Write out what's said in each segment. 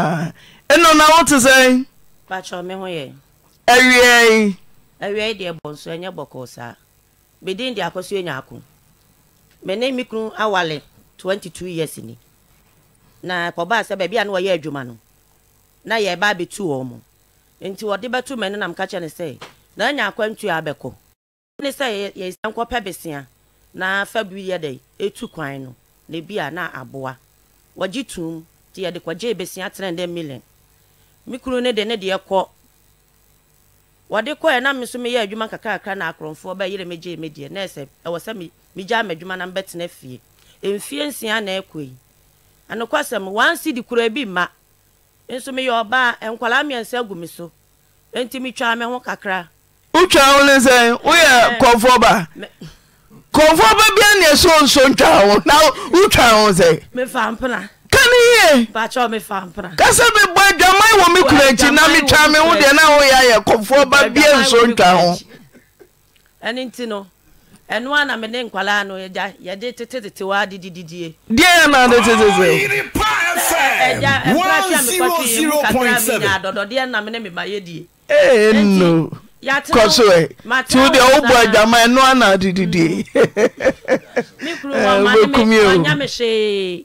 Ah. ɛno na wote sɛn awiai awiai deɛ bɔ nso ɛnyɛ bɔkɔɔ saa medin de akɔ so ɛnya ako mene me kunu awale 22 years ni na kɔbaa sɛ baabi a na wɔyɛ adwuma no na yɛba abɛtu wɔ mu nti wɔde bɛto mɛne nam ka kyɛ ne sɛ na anya akwantu a abɛkɔ ne sɛ besea na fa bi yɛ ɛtu kwan no na bi a na aboa wɔgye tum nti yɛde kɔgye besia tena dɛ million me kunu ne de ne deɛ kɔ wɔde kɔɛ na me nso meyɛ adwuma kakrakra na akorɔmfoɔ bɛyere megye medeɛ na ɛsɛ ɛwɔ sɛ megyaa m'adwuma na mbɛtena fie mfie nsia na ɛkɔ yi anokwasɛm wansi di kura bi ma nso meyɛ ɔbaa nkwalaa mmiɛnsa agu me so nti metwaa me ho kakra wotwaa wo ne sɛ woyɛ kɔmfoɔ ba kɔmfoɔ ba bia neɛ so nso ntwaa wo na wotwaa wo sɛ mefa mpena ne yie kasɛ mebɔ adwaman wɔ me kura akyi na metwa me ho deɛ na woyɛ ayɛ kɔfoɔ ba bia nso ntwa ho ɛno nti no ɛno a na me ne nkwalaa no yɛgya yɛde tetetete wɔ ade dididie deɛ yɛ na ade tetete ɛgya ɛfrafia mekɔtwe mu kakra menya adɔdɔdeɛ na me ne mema yɛdie ɛno kɔ so ɛ ti wo deɛ wobɔ adwama ɛno a na ade didie mm. wobɛkumie o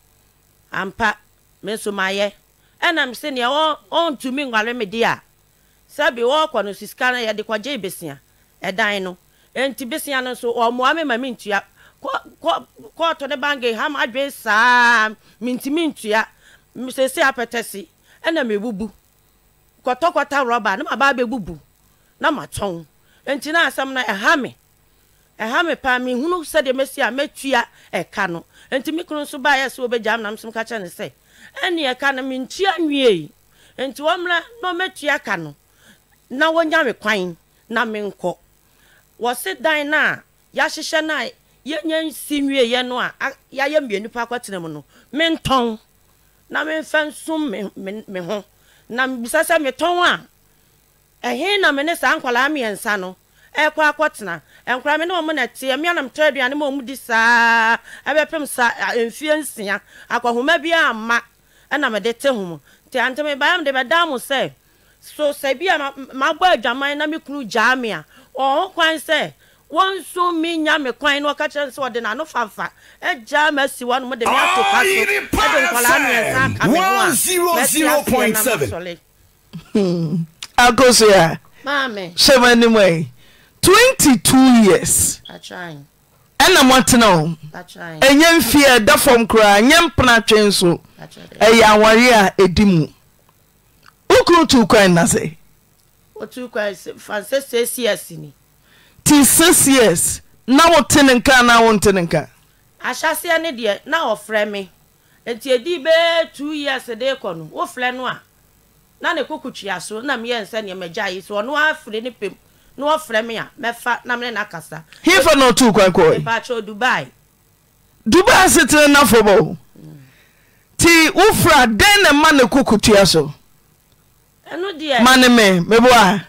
ampa me nso mayɛ ɛnam sɛ nea ɔntumi nware me deɛ a sɛbi wɔrekɔ no sisika no yɛde kɔgye besia ɛdan no enti besia no nso ɔmmoa me ma mentua kɔɔtɔ ne bange ham adwene saa mentumi ntua sese apɛtɛse ɛna mebubu kɔtɔkɔta rɔba na mabaa bɛbubu na matɔn enti na asɛm e e e no ɛha me ɛha me paa mehunu sɛdeɛ mɛsi a mɛtua ɛka no nti me kunu nso baayɛ sɛ wɔbɛgya m nam som ka kyerɛ ne sɛ ɛne ɛka no mentua nwiei nti wɔmmra na ɔmɛtua ka no na wɔnya me kwan na menkɔ wɔse dan no a yɛahyehyɛ no a yɛnya si nwieɛ no a yɛayɛ mmienu pa akɔtena mu no mentɔn na memfa nsom me ho na mebisa sɛ metɔn a ɛhe na me ne saa nkwalaa mmiɛnsa no ɛkɔ akɔtena nkora me ne ɔmo na teɛ mmea nam tɔ aduane ma ɔmo di saa ɛbɛpem sa mfie nsia akɔhoma bi ama ɛna mede te ho mu nti ante mebaeɛ mede bɛda mo sɛ so sɛ bi a mabɔ adwaman na me kunu gyaa me a ɔho kwan sɛ wọn nso mi nya mi kwan na ɔka kyerɛ sɛ ɔde fanfa ma si hɔ nom de mi ato pa so ɛde aka mi ho a mɛti aseɛ na masɔle. Hmm. akosia hyɛ m'anim 22 years ɛna moatena o ɛnyɛ mfie a ɛda fam koraa nyɛ mpena twe nso ɛyɛ aware a ɛdi mu wokunu tu kwan na sɛ ti six years na wote ne nka na wonte ne nka ahyɛseɛ ne deɛ na ɔfrɛ me nti ɛdi bɛɛ two years de kɔ no wofrɛ no a na ne kokotwea so na meyɛ nsɛ nneɛma gyae so ɔno afiri ne pɛm na wɔfrɛ me a mɛfa na mene nakasa hefa na ɔtoo kwan kɔe mpakyɛ dubai dubai setene nafo bɔ nti ufra den na ma ne kokotua so ɛno deɛ ma ne me meboa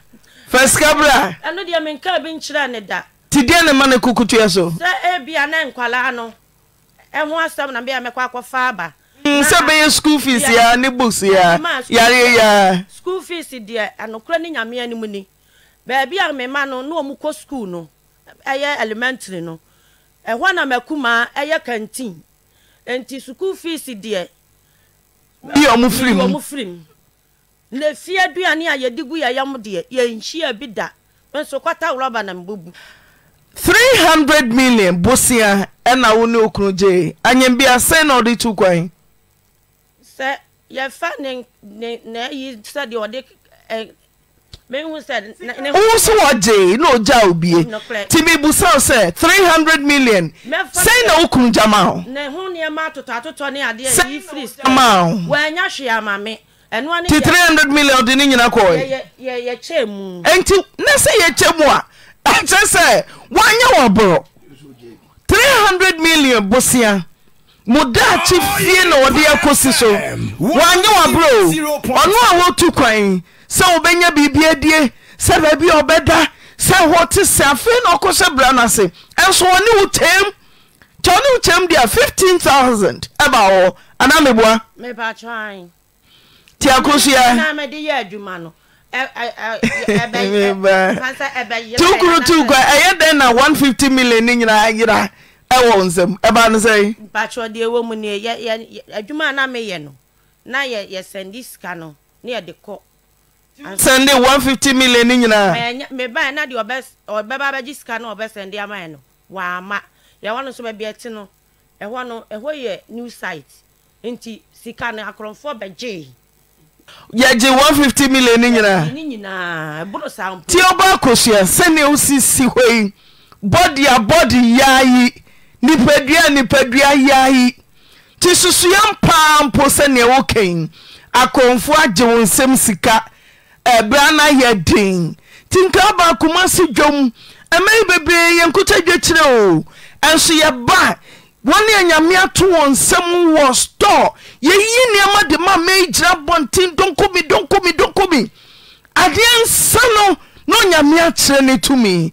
fa sika berɛ a ɛno deɛ menka bi nkyerɛ ne da den na ne ma ne kokotua so sɛ ebia na nkwalaa no ɛho asɛm na bia mɛkɔ akɔfa aba mm, sɛ bɛyɛ school fees ya, ne books ya yareɛ ya. school fees deɛ ɛnokora ne nyame anim ni baabi a mema no na ɔmo kɔ skuul no ɛyɛ elementary no ɛhɔ na makumaa ɛyɛ kantin nti sukuu fees deɛ bi ɔmo firi mu ɔmo firi mu na fie aduane a yɛde gu yɛyam deɛ yɛnhyia bi da nso kɔta rɔba na mbubu. three hundred million bosia ɛna wo ne okunu gye anyambia sɛn na ɔde tu kwan. sɛ yɛfa ne ne eyi yi sɛdeɛ ɔde ɛ. wowo so wɔgyee na ogya obie busa mibusaw Three hundred million sɛi na wokunu gyama woma wo ti 300 million de ne nyina kɔe enti na sɛ yɛkyɛ mu a ɛkyerɛ sɛ woanyɛ wɔ borɔ 300 million bosea modaakye fie na wɔde akɔsi so woanyɛ wɔ borɔ o ɔno a wɔtu kwan sɛ wobɛnya biribi adie sɛ baabi a ɔbɛda sɛ hɔ te sɛ afei na ɔkɔ sɛ bra no ase ɛnso ɔne wo kyɛm kyɛ ɔne wo kyɛm deɛ 15000 ɛba wɔ anaa meboa ti ako so yɛ tukuru tu kwa ɛyɛ dɛn na 150 million ne nyinaa yera ɛwɔ nsɛm ɛba no sɛ mpakyerɛ deɛ ɛwɔ mu ne adwuma na meyɛ no na yɛ yɛsɛnde sika no ne yɛde kɔ sɛnde one fifty million ni nyinaa. ɛɛ mɛba na deɛ ɔbɛ ɔbɛba abɛgye sika na ɔbɛ sɛnde ama yɛ no wama yɛwɔ no nso bɛbi ɛti no ɛhɔ no ɛhɔ yɛ new site nti sika no akorɔmfoɔ bɛgye. yɛgye one fifty million ni nyinaa. ni nyinaa ɛboro saa mpo. tí o bá akosua sɛnea o si si hɔ yi bɔdi a bɔdi yaayi nipadua nipadua yaayi ti susua mpaa mpo sɛnea o kɛn akɔnfoɔ agye wɔn nsam sika ɛberɛ na yɛ den nti nkra baakoma se dwom ɛmɛyi bebree yɛnkotadwa kyerɛ o ɛnso yɛba wɔne anyame ato wɔ nsɛm wɔ stɔɔ yɛyi nneɛma de ma mɛgyina bɔnten donkomi donkomi donkomi adeɛ nsa no na onyame akyerɛ ne tumi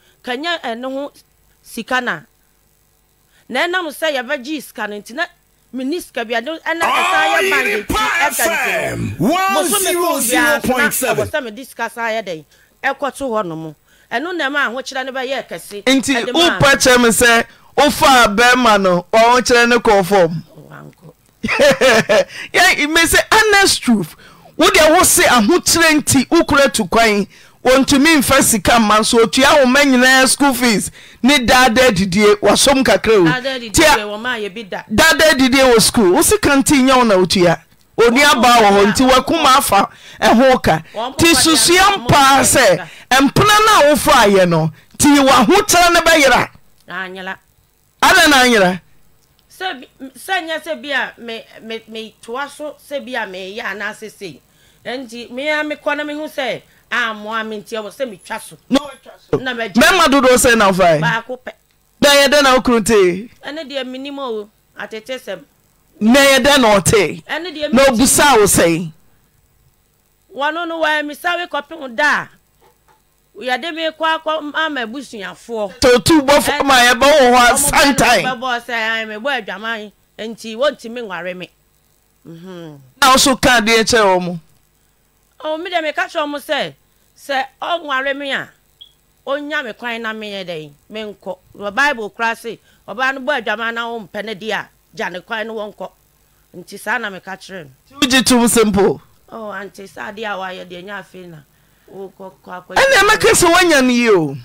ka nye ɛne ho sika na na ɛnam sɛ yɛbɛgye sika no nti na mini sika bi ade ɛna ɛsan yɛ bandage ɛka nti no mosome kɔn biara na ɛwɔ sɛ mede sika san yɛ dɛn ɛkɔto hɔ nom ɛno na ɛma ahokyerɛ no bɛyɛ kɛse nti wopa kyerɛ me sɛ wofa bɛrima no ɔhokyerɛ no kɔɔ fam yɛ me sɛ honest truth wodeɛ wo se ahokyerɛ nti wokora tu kwan wɔntumi mfa sika mma nso otua woma nyinaa schoolfees ne daa daa didie wasɔm kakrao daadaa didie wɔ sukuul wo sika nti nyɛ wona wotua ɔni abaa wɔ hɔ nti wakoma afa hookanti susua mpaa sɛ mpena no woforɔ ayɛ no nti wahotera no bɛyera adɛn naayera mɛma dodoɔ sɛ nafae na ɛyɛ dɛn na wokuro tee na ɛyɛ dɛn na ɔtee na obusaa wo sɛe wɔno no wɔɛ misa we kɔpem da a yɛde me kɔ ama abusuafoɔ totu bɔfo ma yɛbɛwɔ hɔ asantaebɛbɔ sɛ mebɔ adwaman nti wɔntimi nware me mhm. na wo so ka deɛ kyerɛ wɔ mu m meka kyerɛ mo sɛ ɔnware me a ɔnya me kwan na meyɛ dɛn menkɔ bible koraa se ɔbaa no bɔ adwama na wompɛ no deɛ a gya ne kwan no wɔnkɔ nti saa na meka kyerɛ no wogye tom simple oh, ante saa deɛ a wayɛ deɛ nya afei na ɛne mɛka sɛ woanya no yi o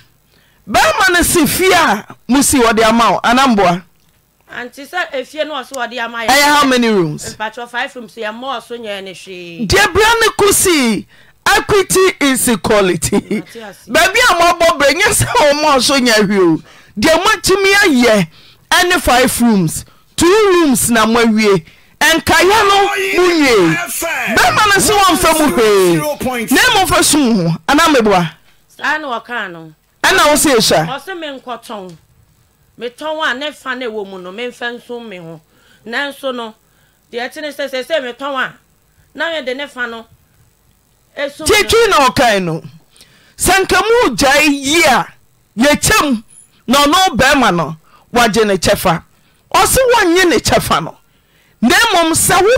bɛrima no se fie a mu si wɔde ama wo anamboa nti sɛ efie no ɔso wɔde ama yɛ ɛyɛ how many rooms mpatwɔ five rooms yɛ mɔɔ so nyɛ ne hwee deɛ bra ne kɔsii equity is equality baabi a moabɔ berɛ nyɛ sɛ wɔ ma so nya hwio deɛ moatumi ayɛ ɛne 5 rooms two rooms na moawie ɛnkaya no monwie bɛrima no sɛ wɔmfɛ mu hwee na mmɔmfa sum ho anaa meboa ɛna wo sɛ ɛhyia metɔn a ne fa ne wɔ mu no memfa nso me ho nanso no deɛ ɛte ne sɛ sɛ sɛ metɔn a na yɛde ne fa no kyitwi na ɔkae no sɛ nkamu gyae yi a yɛkyɛm na ɔno barima no wagye ne kyɛfa ɔse wonnye ne kyɛfa no na mmom sɛ wo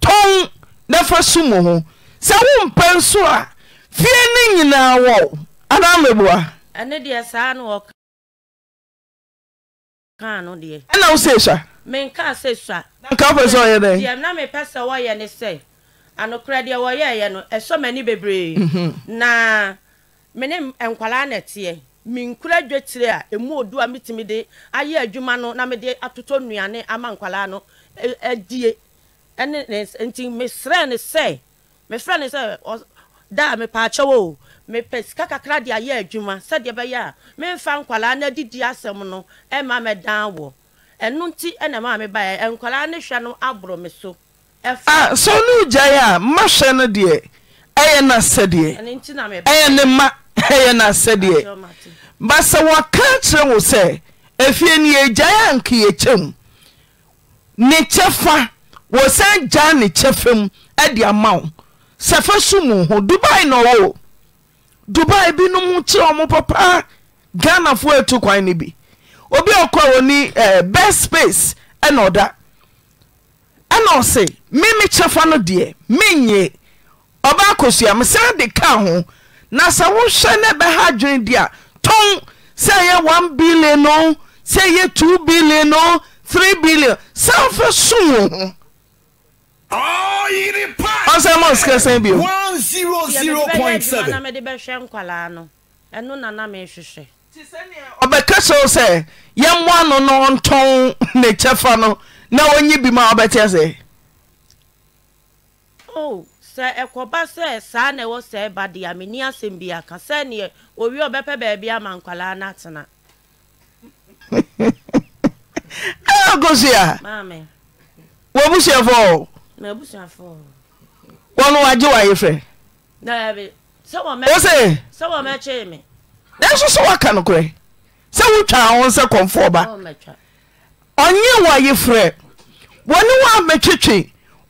tɔn na fa mu ho sɛ wompɛ nso a fie ne nyinaa wɔ anaa mɛboa ɛna wo sɛ sua nka wopɛ sɛ ɔyɛ dɛn anokora deɛ wɔyɛ wɔyɛeɛ no ɛsɔ m'ani bebree mhm. na me ne nkwalaa na ɛteɛ dwetire a emu odu a metumi de ayɛ adwuma no na de atoto nnuane ama nkwaraa no e, adie ɛne nti mesrɛ ne sɛ mefrɛ ne sɛ daa mepaakyɛw o mepɛ sika kakra de ayɛ adwuma sɛdeɛ bɛyɛ a memfa nkwalaa no adidi asɛm no ɛma mɛdan wɔ ɛno nti ɛna maa mebaeɛ nkwaraa no hwɛ no aborɔ me so Ah, sɛ ne ogyae a mahwɛ no deɛ ɛyɛ no asɛdeɛ ɛyɛ ne ma ɛyɛ no asɛdeɛ ba sɛ wɔka kyerɛ wo sɛ afie ne yɛgyae anka yɛkyɛm ne kyɛ fa wɔ san gyaa ne kyɛ fam de ama wo sɛ fa so mu ho dubai na ɔwɔwo dubai binom ho kyerɛ ɔ mo ghanafoɔ atu kwan no bi obi ɔkɔa wɔni eh, best space ɛna ɔda ɛna ɔse me me kyɛfa no deɛ menye ɔba akɔsua me de ka ho na sɛ wohwɛ ne bɛha dwene de a tɔn sɛ ɛyɛ 1 billion no sɛ ɛyɛ two billion no three billion sɛ wofɛ so wo ho ɔsɛ ma ɔsika sɛn bio ɔbɛka sɛ wo sɛ yɛmmoa no no ɔntɔn ne kyɛfa no na ɔnyi bi ma ɔbɛteɛ sɛ oh sɛ ɛkɔba sɛ saa na ɛwɔ sɛ ɛba deɛ a menni asɛm bi aka sɛneɛ owie ɔbɛpɛ baabi ama nkwalaa no atena akosi a wɔabusuafoɔ o wɔno wagye wayɛ frɛ wo se nanso sɛ woaka nokorɛ sɛ wotwaa wo sɛ kɔmfoɔ ba ɔnye wayɛ wɔne wo amɛtwetwe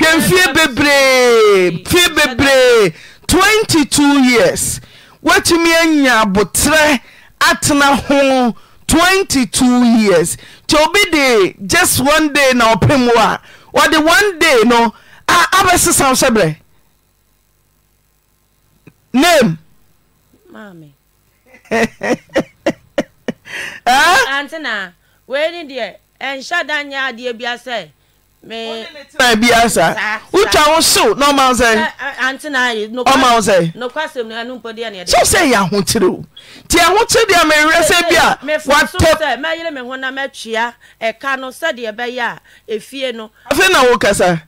hwɛmfie bebree fie bebree two years woatumi anya aboterɛ atena ho twenty two years nti obi de just one day na ɔpem wo a wɔde one day no abɛsesaw sɛ berɛ nam ah? antina wei ni deɛ ɛnhyɛ da nyɛ adeɛ bia sɛ na bi asa wotwa wo sew na ɔma wo sɛ ɔma wo sɛ sɛ sɛ yɛ ahokyere o nti ahokyere deɛ mewerɛ sɛ bi a watɛ mɛyere me ho na mɛtwea ɛka no sɛdeɛ ɛbɛyɛ a ɛfie no afei na wokasa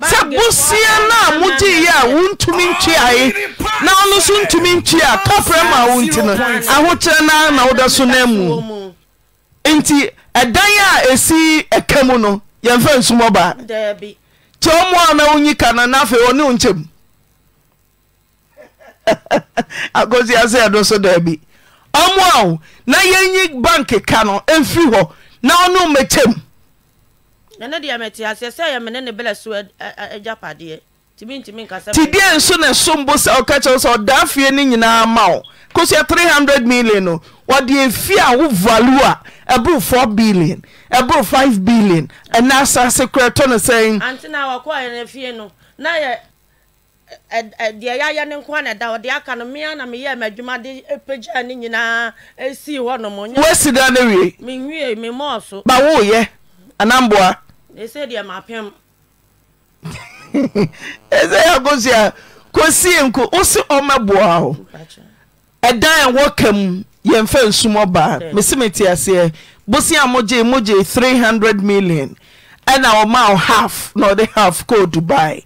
sɛ bosia no a mogye yɛ a wontumi na ɔno so ntumi ntwe a kafrɛ ma wo nti no ahokyerɛ no na woda so no amu nti ɛdan a ɛsi ɛka mu no yɛmfa nsumɔ baa nti ɔmoa na wonyi ka no na afei ɔne wo nkyɛm akosia sɛ ɛdo so daabi ɔmoa wo na yɛnyi bank ka no ɛmfiri hɔ na ɔne wo mɛkyɛm ɛno deɛ mete aseɛ sɛ yɛmene ne bɛlɛ so agyapadeɛ tideɛ nso na ɛsom bo sɛ ɔka kyɛw sɛ ɔdaa fie no nyinaa ma wo kosua 300 million no wɔde ɛfie a wo value a ɛboro 4 billion ɛboro 5 billion ɛna asase korɛ tɔ no sɛn antena wɔkɔɛ no fie no na yɛ deɛ yɛayɛ ne nko na ɛda ɔde aka no mmea na meyɛ m'adwuma de pagya ne nyinaa sii hɔ nom woasi da no wie menwie memɔɔ so ba woyɛ anamboa ɛsɛ deɛ mapem ɛsɛ yɛakoso a kɔsie nko wo se o ho ɛdan ɛwɔ ka m yɛmfa nsum ɔbaa mese metiaseɛ bosea mogye mogye hundred million ɛna ɔma half na ɔde half kɔɔ dubai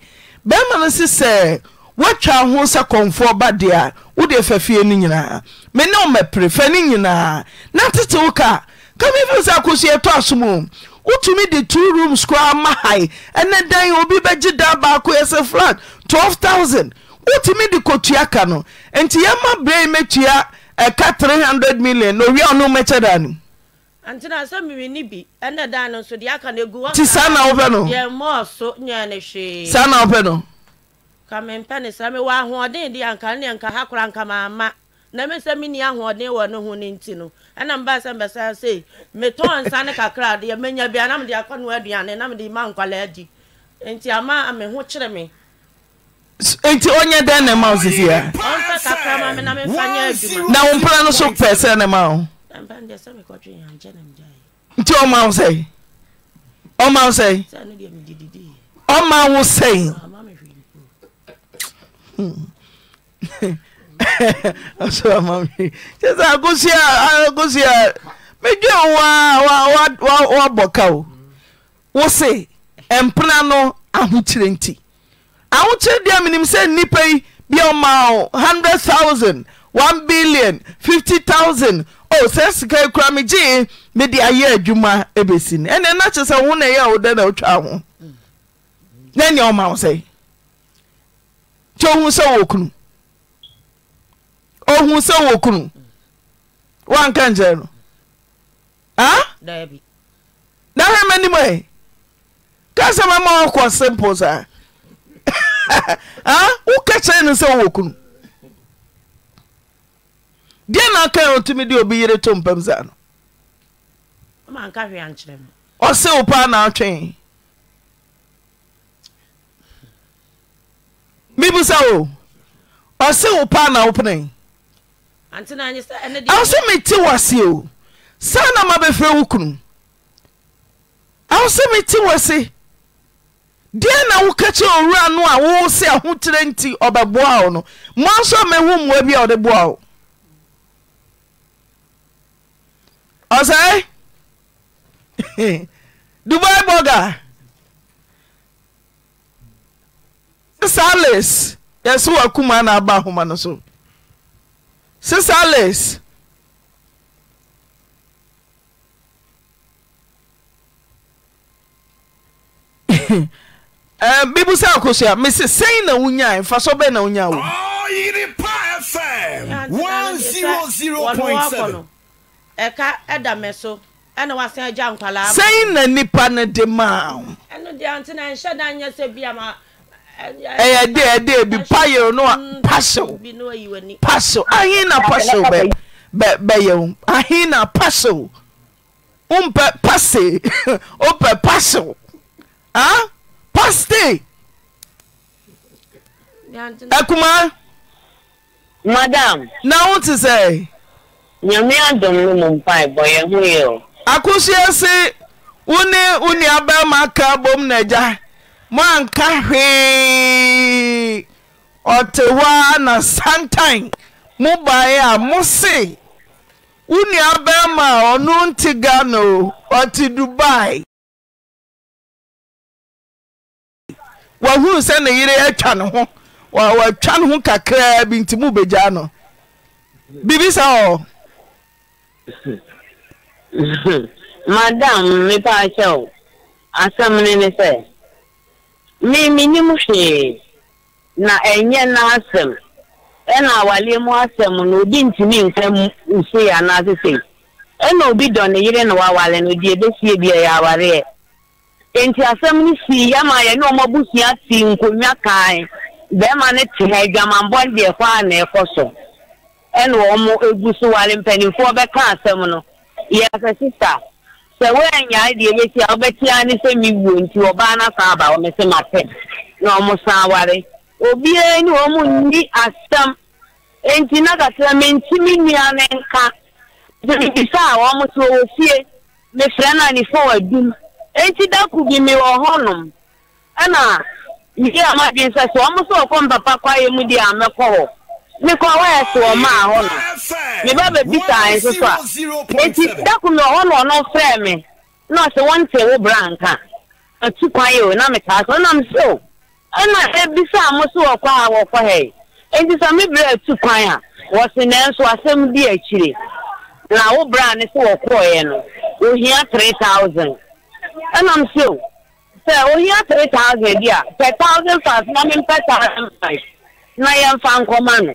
bɛrima no si sɛ woatwa ho sɛ kɔnfoɔ ba deɛ a wode fa fie no nyinaa ne ne nyinaa na tete ka sɛ o wotumi de two rooms koraa ma hae ɛnɛ dan obi bɛgye da baako yɛ sɛ flat twelve thousand. wotumi de kɔtua ka no enti yɛma berɛ yi mɛtua ɛka hundred million na owia ɔno mɛkyɛ daa no nti saa na wopɛ no saa na wopɛ no na me meni ahoɔden wɔ ne ho no nti no ɛna mba sɛ mbɛsa se metɔɔ nsa ne kakra deɛ bia na mede akɔ no aduane na mede ma nkwalaa di nti ama me ho me onye dɛn wo na wo mpra no so pɛ sɛ ne ma wo nti ɔma wo ɔma wo ɔma ɛmeawwbɔkao wo se mpena no ahokyerɛ nti ahokyerɛ de a menim sɛ nnipa yi bia ɔmao 100 ou01 billion 50 us0 sɛ sikai koraa megyee mede ayɛ adwuma bɛsi no ne nakye sɛ wo ho na ɛyɛ wo dɛ na ahon mawo sɛisɛ ohu sɛ wowɔ kunu woankankyerɛ no dahweɛ manim ka sɛ mamakɔ spe sawokɛkyeɛ no sɛ wowɔ kun deanakatumide obi yer topa sano ɔse wo paa naatwe mibisa o ɔse wo paa na wop ɛwo so o saa na mabɛfrɛ wo kunu deɛ na woka kyɛ owura no a wo se ahokyerɛ nti ɔbɛboa wo no nso mɛho mmoa bi a ɔde boa wo ɔsɛe dubai boga salis yɛse wakuma na aba ahoma no Sister Alice. bibu sɛ akosua mese sɛn na wonya mfa so bɛn na wonya wo Oyiripa FM 100.7 ɛka ɛda mɛ so ɛna wasan agya nkwalaa sɛn na nipa no de maa wo ɛno deɛ ante na nhyɛ da nyɛ sɛ bia ma ɛyɛ deɛde bi payer no a pashenpsw bɛyɛo ahena pasew ompɛ pas opɛ pasew pastakoma na wote sɛ akoso ɛ se wone wo nuaba ma aka bomu na gya manka hwee ɔtewa na santan mobae a mo se wo nuabarima a ɔno nte ghana o ɔte dubai wahuu sɛ ne yere atwa ne ho watwa ne ho kakraa bi nti mubegyaa no biribisa ɔ madam mepɛ akyɛw asɛm ne ne sɛ mimi nim hwee na enye n'asɛm ɛna awale mu asɛm na obi ntumi nka nse ya n'ase sɛ ɛna obi dɔ ne yere na wawale no ebe ebesie bi ɛyɛ awareɛ nti asem no si yama yɛ ne ɔmo abusua ti nkonwa kan bɛrima ne te ha adwamambɔ deɛ kɔ a na ɛkɔ so ɛna ɔmo egu so wale mpanimfoɔ bɛka asɛm no yɛ sɛ sista. sɛ woanyare deɛ mɛsi wobɛtea ne sɛ mewuo nti ɔbaa no saa aba wɔ matɛ na ɔmo awara ware obiara ne wɔ mo nni asɛm nti na kakra mentimi nnua ne nka bisa a so fie mefrɛ no a ne fo adum nti bi mewɔ hɔnom ɛna meyɛ amadwen sɛ mpapa kwaeɛ mu deɛ a mɛkɔ mekɔ wayɛ so wɔ maa hɔ no meba bɛbisa nso so a eji dako mi ɔhɔ no ɔno frɛ me na ɔsɛ wɔnte wo bra nka atu kwan o na metaa so ɔnam sɛ o ɛna ebisa mo so wɔ kwan a wɔkɔ hɛ enti sɛ me bere atu kwan na wɔsi nanso asɛm di akyire na wo bra ne so wɔkɔɔɛ no ohia three thousand ɛnam sɛ o sɛ ohia three thousand bi a pɛ na me mpɛ na five na yɛmfa nkɔma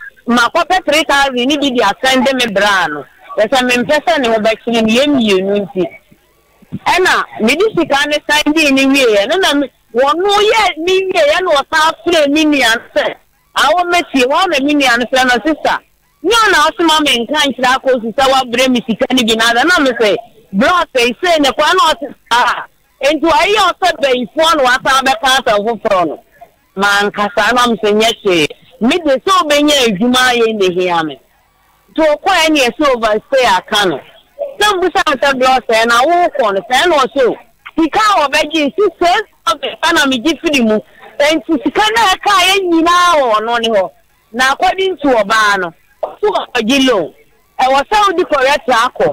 makɔpɛ three thousand ni bi di asɛnde mi braa no yɛsɛ mempɛ sɛ ne ho bɛkyerɛ ne yɛ mmienu nti ɛna mede sika ne san dii ne wieɛ no na wɔno yɛ me wieɛ na wɔsan frɛ me nua no sɛ awo mɛtie wɔn na me nua no sɛ no sisa nyɛ ɔna ɔsoma me nka nkyerɛ sisa sɛ wabrɛ me sika no bi nada na me sɛ blɔɔs ɛsɛ ne kwan na ɔte aa nti wɔayɛ ah, ɔsɛ bɛyifoɔ na wɔasan bɛka asɛm foforɔ no mankasa na me sɛ nyɛ hyee mede sɛ wobɛnya adwuma ayɛ nnehia me nti ɔkɔɛ neɛ sɛ overstay aka no sɛ mbusa sɛ blɔ sɛɛ na wowokɔ no sɛɛ na ɔsɛ o sika a wɔbɛgye si sɛɛfa na megye firi mu nti sika no ɛka yɛ nyinaa wɔ ɔno ne hɔ na akɔde nti ɔbaa no so ɔgye loan ɛwɔ sɛ kɔrɛte akɔ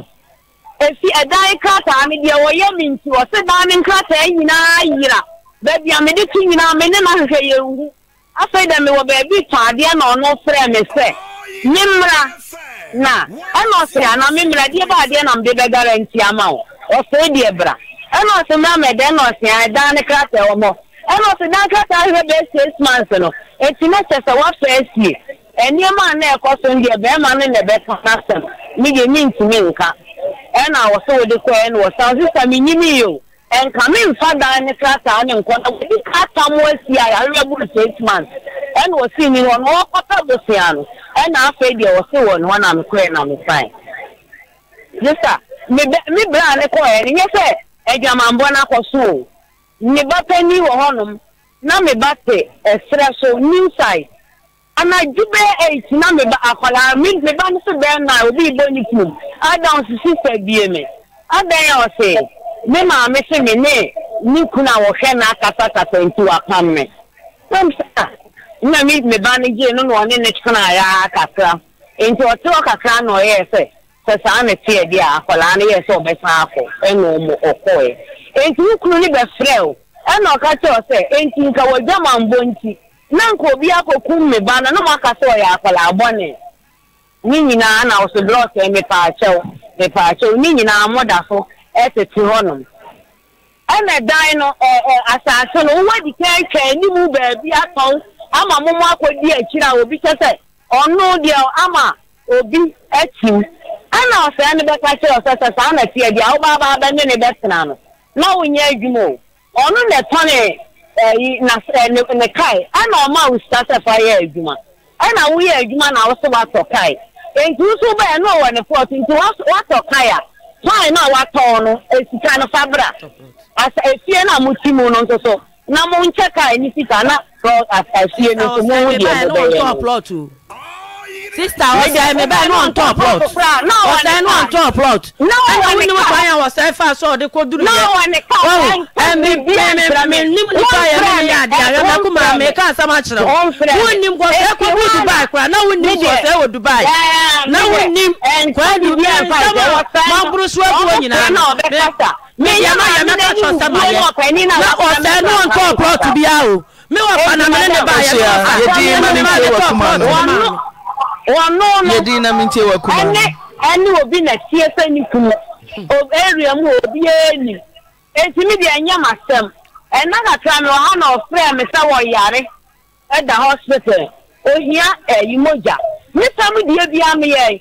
efi ɛdan krataa mi deɛ wɔyɛ mi nti ɔsɛ dan ne nkrataa nyinaa yira baabi a mede to nyinaa mene na hwehwɛ yɛ ngu afei dɛ mewɔ baabi tɔn adeɛ na ɔno frɛ me sɛ me mmra na ɛna ɔsɛ ana me mmra deɛ ba adeɛ na mede bɛgara nti ama wo ɔsɛ deɛ bra ɛna ɔsɛ mmra mɛdɛ na ɔsɛ dan ne krataa ɔmɔ ɛna ɔsɛ dan krataa ahwɛ bɛyɛ six months no eti na kyɛ sɛ wɔafɛ asie nneɛma a na ɛkɔ so deɛ bɛrima no na ɛbɛka n'asɛm me deɛ mentumi nka ɛna wɔsɛ wɔde kɔɛ no wɔsan sisan menyini yi o nkame nfa dan ne krataa ne nkɔnɔ wɔde krataa mu asi a yare aburu six months ɛna osi ni wɔn wɔkɔtɔ bosia no ɛna afei deɛ wɔsi wɔn hɔ na mekɔɛ na mefae sista me bere a ne kɔɛ no nyɛ sɛ adwamanbɔ no akɔ so o ne ba panyin wɔ na me ba te ɛsrɛ so ninside anadwo bɛyɛ eight na me ba akwadaa me me ba no so bɛyɛ nine obi bɔ ne kum adansi sista bie me adan yɛ n'ime maame se me ne ne kuna wɔhwɛ na akasakasa nti wapam me nam sa nna me me ba no na ɔne ne tena kakra nti ɔte hɔ kakra na ɔyɛɛ sɛ sɛ saa ne teɛ deɛ a akwadaa no yɛɛ sɛ ɔbɛsan akɔ ɛna ɔmo ɔkɔɛ e. nti ne kunu ne bɛfrɛ o ɛna e ɔka kyerɛ sɛ nti nka wɔgya mambɔ nti na nka obi akɔkum me ba no na mo aka ɔyɛ akwadaa bɔne ne nyinaa na ɔso dɔɔso mepaakyɛw mepaakyɛw ne nyinaa mmoda so ɛtete hɔnom ɛna dan no ɛɛ asase no wadi kɛnkɛn mu baabi atɔn ama momo akɔdi akyiri a obi kyɛ sɛ ɔno deɛ ama obi akyi ɛna ɔsɛɛ no bɛka kyerɛ ɔsɛ sɛ saa na teɛ deɛ awobaabaa bɛne ne bɛtena no na wonyɛ adwuma o ɔno na ɛtɔne ɛyi na ɛ ne kae ɛna ɔma awusua sɛ fa yɛ adwuma ɛna yɛ adwuma na wosɛ watɔ kae nti nso bɛyɛ no wɔ ne fɔɔso nti watɔ kae a pan na watɔn no esika no fabra asa efie na mo ti mu no nso na mo nkyɛ kaa ni sika na asa as efie no so mo hu deɛ mo bɛyɛ no sista ọsẹ mi bẹẹ náà ń tọ plot ọsẹ náà ń tọ plot ẹni wọn ni mo kàn yàn ọsẹ fà sọ ọdí kó dúró yẹ ọhún ẹmi bẹẹmi mi nípa yẹn mi ní adìyẹ rẹ mẹkú màá mi ká sábà kyerẹ o wọn ni kò sẹ kó bú dubai kura náà wọn ni kò sẹ wọ dubai náà wọn ni kò ẹ dubai sábà máa burú sọ ẹbí wọn nyinaa mi yẹ ma yẹ mẹka sọ sábà yẹ na ọsẹ náà ń tọ plot bi a o mi wọ fanamẹlẹ ne ba yẹ mi wọ fanamẹlẹ ne ba yẹ tọ plot wọn wɔno no yɛdi nam ntie wɔ kuma no ɛne obi na tie sɛ ne kunu area mu obi ani etimi deɛ nyɛ masɛm ɛna kakra mi ɔha na ɔfrɛ eh, mi sɛ wɔyare ɛda hospital ohia ɛyi mogya nisɛm deɛ bi ameyɛ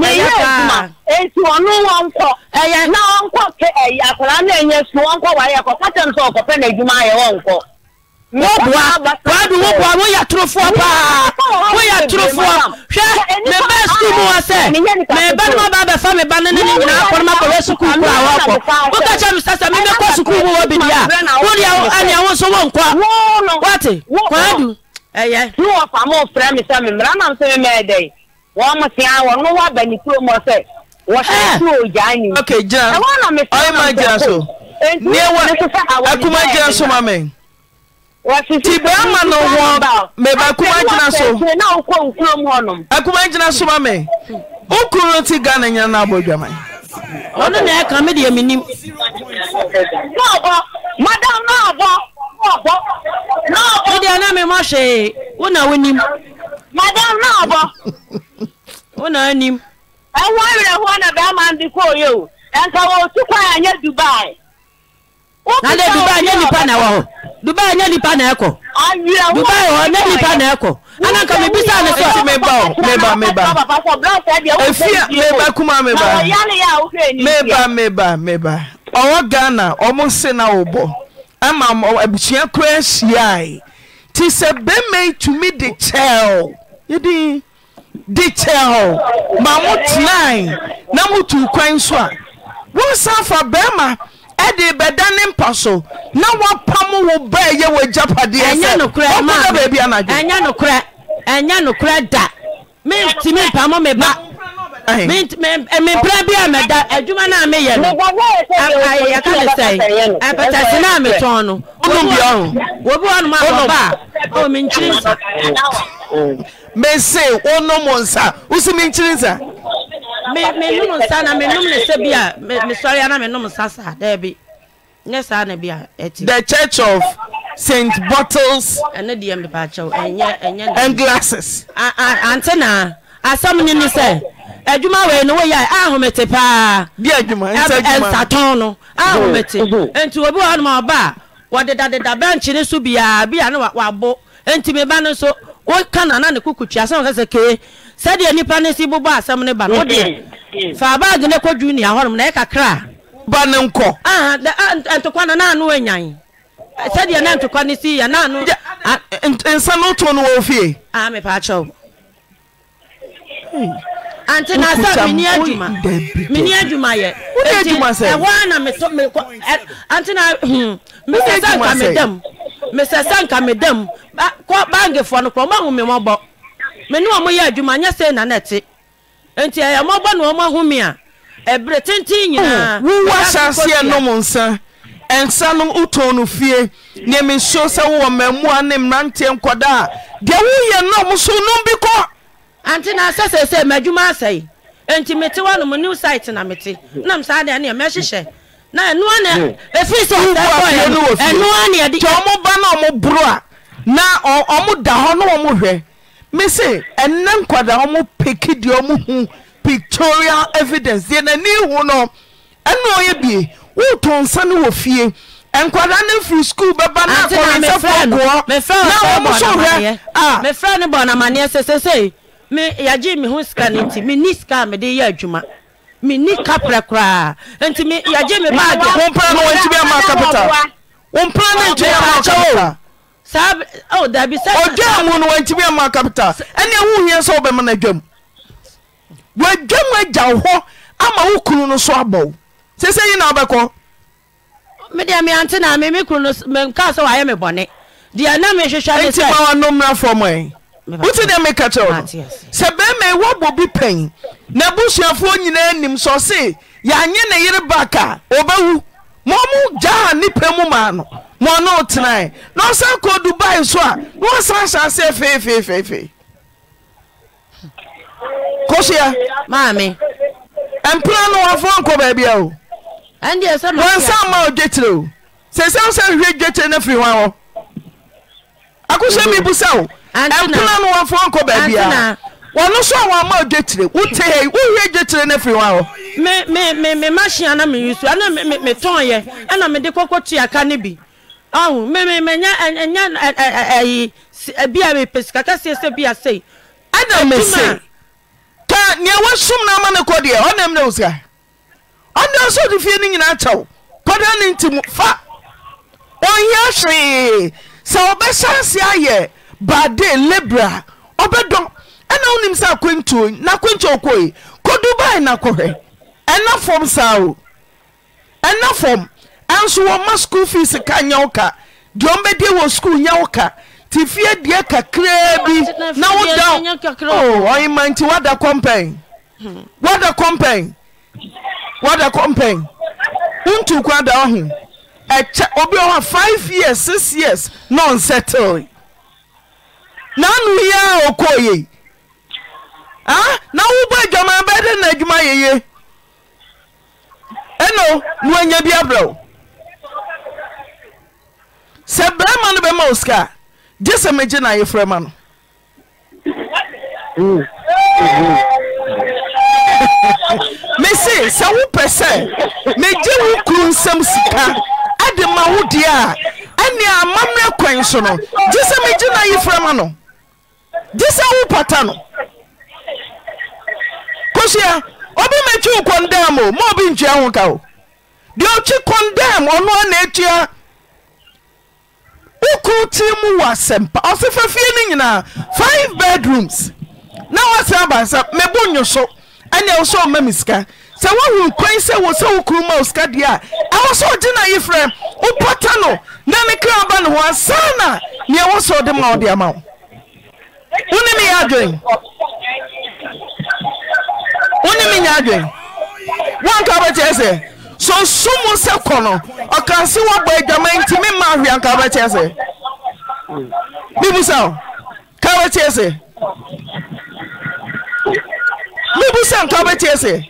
meyɛ adwuma nti ɔno wɔnkɔ ɛyɛ na ɔnkɔ ke ɛyɛ akwadaa no ɛnyɛ su ɔnkɔ wayɛ kɔ kɔtɛm sɛ ɔkɔpɛ n'adwuma ayɛ wɔnkɔ woboa wadu woboa woyɛ torofoɔ paa woyɛ torofoɔ hwɛ meba sukuu mu hɔ sɛ meba no maba abɛfa me ba no ne nyinaa kɔ no makɔyɛ sukuu kora a wɔkɔ woka kyɛ me sɛ sɛ mebɛkɔ sukuu mu wɔ bidi a wodeɛ anea wo nso wonkɔ woate kwaadu ɛyɛ ne wɔfa mo frɛ me sɛ memmra nam sɛ memɛɛ dɛn wọn mo sin àwọn ní wọn bẹ ní kúrò mọ sẹ wọn ṣe eh! kúrò ìjà ni. ok jẹun ọyọ máa jẹun so ní ẹwà ẹkùnmá jẹun so mami ti bẹẹma no wọn mẹba ẹkùnmá jẹun so ẹkùnmá jẹun so mami ukuru ti ghana yẹn náà bọ dwamẹ. ọdún náà ẹ̀ka mi di èmi ní. náà bọ madam náà bọ náà bọ. ó di ẹ náà mi má ṣe é ó náà wọ́n ní mu. madam náà bọ. ó náà ni. ẹ wọ́n rẹ̀ na bịa ma ndị ń di kó yẹ o ẹ̀ka wo tukọ̀ dubai. nane dubai nye nipa na ɛwɔ dubai nye nipa na ɛkɔ dubai hɔ nyɛ nipa na ɛkɔ ana nka mi bisa ne sɔ. meba o meba meba efia meba kuma meba meba meba meba ɔwɔ ghana ọmụ se na ụbọ ama abusua kura ahyia yi ti sɛ bɛmɛ tumi de kyɛw. yɛdin de kyɛɛ hɔ ma mo tenae na motu kwan so a wonsan fa bɛrima ɛde bɛda ne mpa so na wapam wo ba ɛyɛ wɔ agyapadeɛ sɛ ɔkɔda baabi anadwo ɛnyɛ nokorɛ da mentimi mpamo me ba mempra eh, bi a mɛda adwuma no a meyɛ no yɛka ne sɛe apatase eh, no a metɔn no wobi hɔ nom abɔba a oh, menkyiri mese wonum nsa wosi mi nsa. me nsa na me ne se bi a me me sɔre ana nsa sa dɛbi nye saa na bi a ɛti. the church of st bottles. ɛne deɛ mpepa akyɛw and glasses. ante na asɛm ni ni sɛ adwuma wei no woyɛ a ahomete paa. bi adwuma nsa no ahomete nti obi wɔ hɔ nom ɔba a wɔdedadeda bɛnkye ne so biara bi a ne wabɔ nti me no nso. woka nana mm. mm. mm. ne kokotwa asɛm sɛ kee sɛdeɛ nnipa n'isi si bobɔ asɛm ba no wodeɛ fa ne na ɛkakra ba ne nkɔ ah, ah, ntokwa no naano na ntokwa no si yɛ naano nsa no woto no wɔ pa anti na sɛ mini adwuma mini adwuma yɛ eti ɛwɔ ana mi so mi kɔ ɛ eh, anti na hmm misɛ sɛ nka mi dɛm misɛ sɛ nka mi dɛm ba kɔ banki fɔ no kɔ ɔmo ahome mo bɔ mi ni ɔmo yɛ adwuma nyɛ sɛ na nɛti nti ɛyɛ ɔmo bɔ na ɔmo oh, ahome a ɛbere tenten nyinaa wuwa hyɛaseɛ nom nsa nsa no wotɔn no fie nneɛma nsuo sɛ wowɔ mmaamua ne mmeranteɛ nkɔda a deɛ woyɛ no ɔmo so nom bi kɔ anti na asɛ sɛsɛ madwuma asɛe enti mete hɔ nom new site na mete nam saa deɛ neɛ mɛhyehyɛ na ɛnoa ne ɛfiri sɛ ɛnoa ne ɛde kyɛ ɔmo ba na ɔmo boro a na ɔmo da hɔ na ɔmo hwɛ me se ɛnɛ nkwadaa ɔmo peki deɛ ɔmo hu pictorial evidence deɛ n'ani hu no ɛna ɔyɛ bie wotɔn nsa no wɔ fie nkwada ne firi skul bɛba na akɔrɔ nsɛfo agoɔ na ɔmo so hwɛ a ne bɔ mi yagye me ho sika no nti mi sika a mede yɛ adwuma menni kaprɛ koraa nti yagye me na wompra no bi ama capital na nti bi ama capital saa oh dabi sɛ ɔdwa mu no wantumi ama capital ɛne ɛho hia sɛ wobɛma no adwam wadwa mu ụwa wo hɔ ama wo kunu no so abɔ wo sɛ sɛ yi na wobɛkɔ medeɛ na me me kunu no menkaa sɛ wayɛ me bɔne deɛ na mehwehwɛ ne sɛ nti ma wanomra fɔm woti deɛ meka kyerɛ wo no sɛ bɛrima ɛwɔ bɔ bi pɛn na abusuafoɔ nyinaa nim sɛ ɔse yɛanye ne yere back a ɔbɛwu ma ɔmo gyaa nnipa mu maa no ma ɔne wotenae na ɔsan kɔ dubai so a na wɔsan hyɛ aseɛ e feefeefeefei kɔhyia maame mpena no wɔafoɔ nkɔ baabia o wɔnsa ma ɔdwetire o sɛ sɛ wo sɛ hwɛ dwetire no firi hɔ a wɔ akosɛ mibu sɛ ɛmpena no wɔmfoɔ nkɔ baabia wɔno so a wɔn ama ogye tire wote hɛ wohwie gye tire no firi hɔ. me me me me mahyia na me yi so ɛna me me me tɔn yɛ ɛna me de kɔkɔ tu aka ne bi ɔhun me me me nya ɛ nya ɛ ɛ ɛyi ebi a me pɛ sika kɛseɛ sɛ bi a sɛ. ɛna me se ka nea wasum na ama ne kɔ deɛ ɔna mu na osika ɔna nso de fie ne nyinaa kyɛw kɔda ne nti fa ɔnyɛ hwee sɛ ɔbɛhyɛ ase ayɛ. bad lrbɛdɛnawoni sɛ bank ɛnafm sa ɛnafm anso woma schulfee s ka yɛ wo ka de ɔ bɛdɛ wɔ skuul nyɛ wo ka tifie deɛ kakra bi naoma oh, nti wc wontkdawh yɛi ye s years nsetl na anu yia okoye ah na wobɔ adwama dị na adwuma yeye na wanya bi abrɛw sɛ brɛma no bɛma wo sika gye na ayefrɛ ma no mm. mese sɛ wopɛ sɛ megye wo kuru nsɛm sika ade ma wo deɛ a ɛnea amammerɛ kwan so no gye sɛ na ayefrɛ ma no gye sɛ wopata no kosua obi mɛkyi wo kɔndam o ma obi ntua ho ka o deɛ ɔkyi kɔndam ɔno ana atua wokoro tiri mu wɔ asɛmpa ɔsefa fie nyinaa 5 na mebo nwo so ɛnea wo sɛ ɔma me sika sɛ woahu kwan sɛ wo sɛ wo sika deɛ a ɛwɔ na no na ne kra ba na neɛ wo ama wone me yɛ adwen wone me nyɛ adwen woanka wobɛkyerɛ sɛ sonsom mu sɛ kɔ no ɔka se woabɔ adwama nti memma ahwe anka wobɛkyerɛ sɛ mebu sa wo ka wobɛkyerɛ sɛ mebusa nka wobɛtie se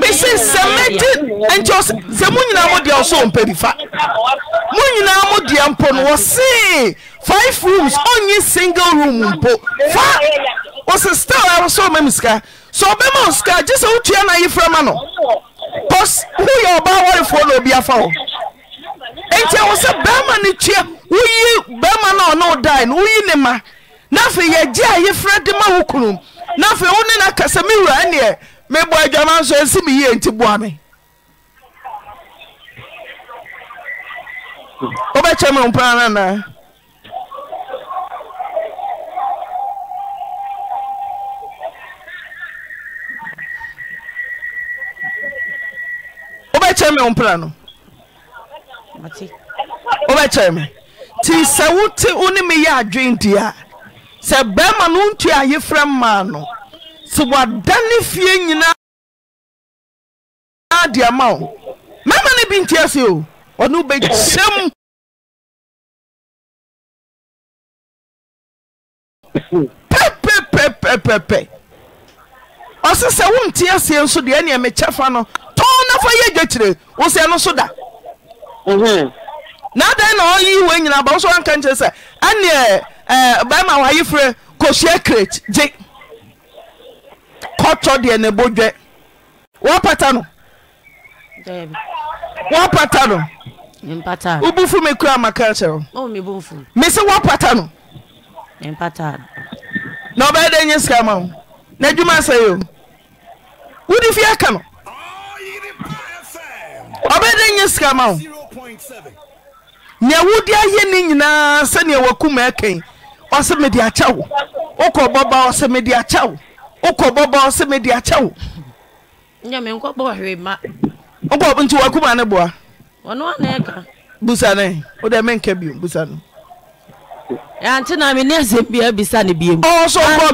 mese sɛ mɛgye nti sɛ mo nyinaa mo deɛ ɔso ɔmpɛ bi fa mo nyinaa mo deɛ mpo no wɔsee five rooms ɔnye single room mpo fa ɔse still ɛwɔ sɛ ɔma mu sika sɛ ɔbɛma wo sika gye sɛ wotua no ayefrɛ ma no bɔs woyɛ ɔbaa warefoɔ na obi afa hɔ enti ɛwɔ sɛ bɛrima no tua woyi bɛrima no a ɔne wo dae no woyi ne ma na afei yɛgye a yɛfrɛ de ma wo kunu na afei wo ne na kasa me wura neɛ mebɔ adwama nso ɛnsi me yie nti boa me wobɛkyɛ me mpaa no wobɛkyɛ me mpra no wobɛkyɛ me nti sɛ wote wo ne meyɛ adwen di a sɛ bɛrima no ntua ayefrɛ mmaa no sɛ wadane fie nyinaa de ama wo mɛma no bi ntia se o ɔno bɛkyɛm pɛpɛpɛpɛpɛ ɔse sɛ wonte aseɛ nso deɛ ɛneɛ mekyɛ fa no tɔn na fa yɛ gya kyerɛ wo sɛ no so da mhm. na adɛn na ɔyi wɔ nyina ba wo so wanka nkyerɛ sɛ ɛneɛ bɛrima wayi fere kosua crate gye kɔtɔ deɛ ne bo dwɛ wɔpata no wɔpata no wobu fu mi kura maka kyerɛ me sɛ wɔpata no na ɔbɛyɛ dɛ nye sika ma wo na adwuma sɛ yi o wode fie aka no ɔbɛyɛ dɛ nye sika ma wo nea wode ayɛ ni nyinaa sɛnea wakum aka yi ɔsɛ mede akyɛ wo wokɔ bɔba ɔsɛ mede akyɛ wo wokɔ bɔba ɔsɛ mede akyɛ wo wokɔ nti wakuma ne boa ne na mene asɛm bia bisa ne biam ɔso oh, ɔnkɔ ah,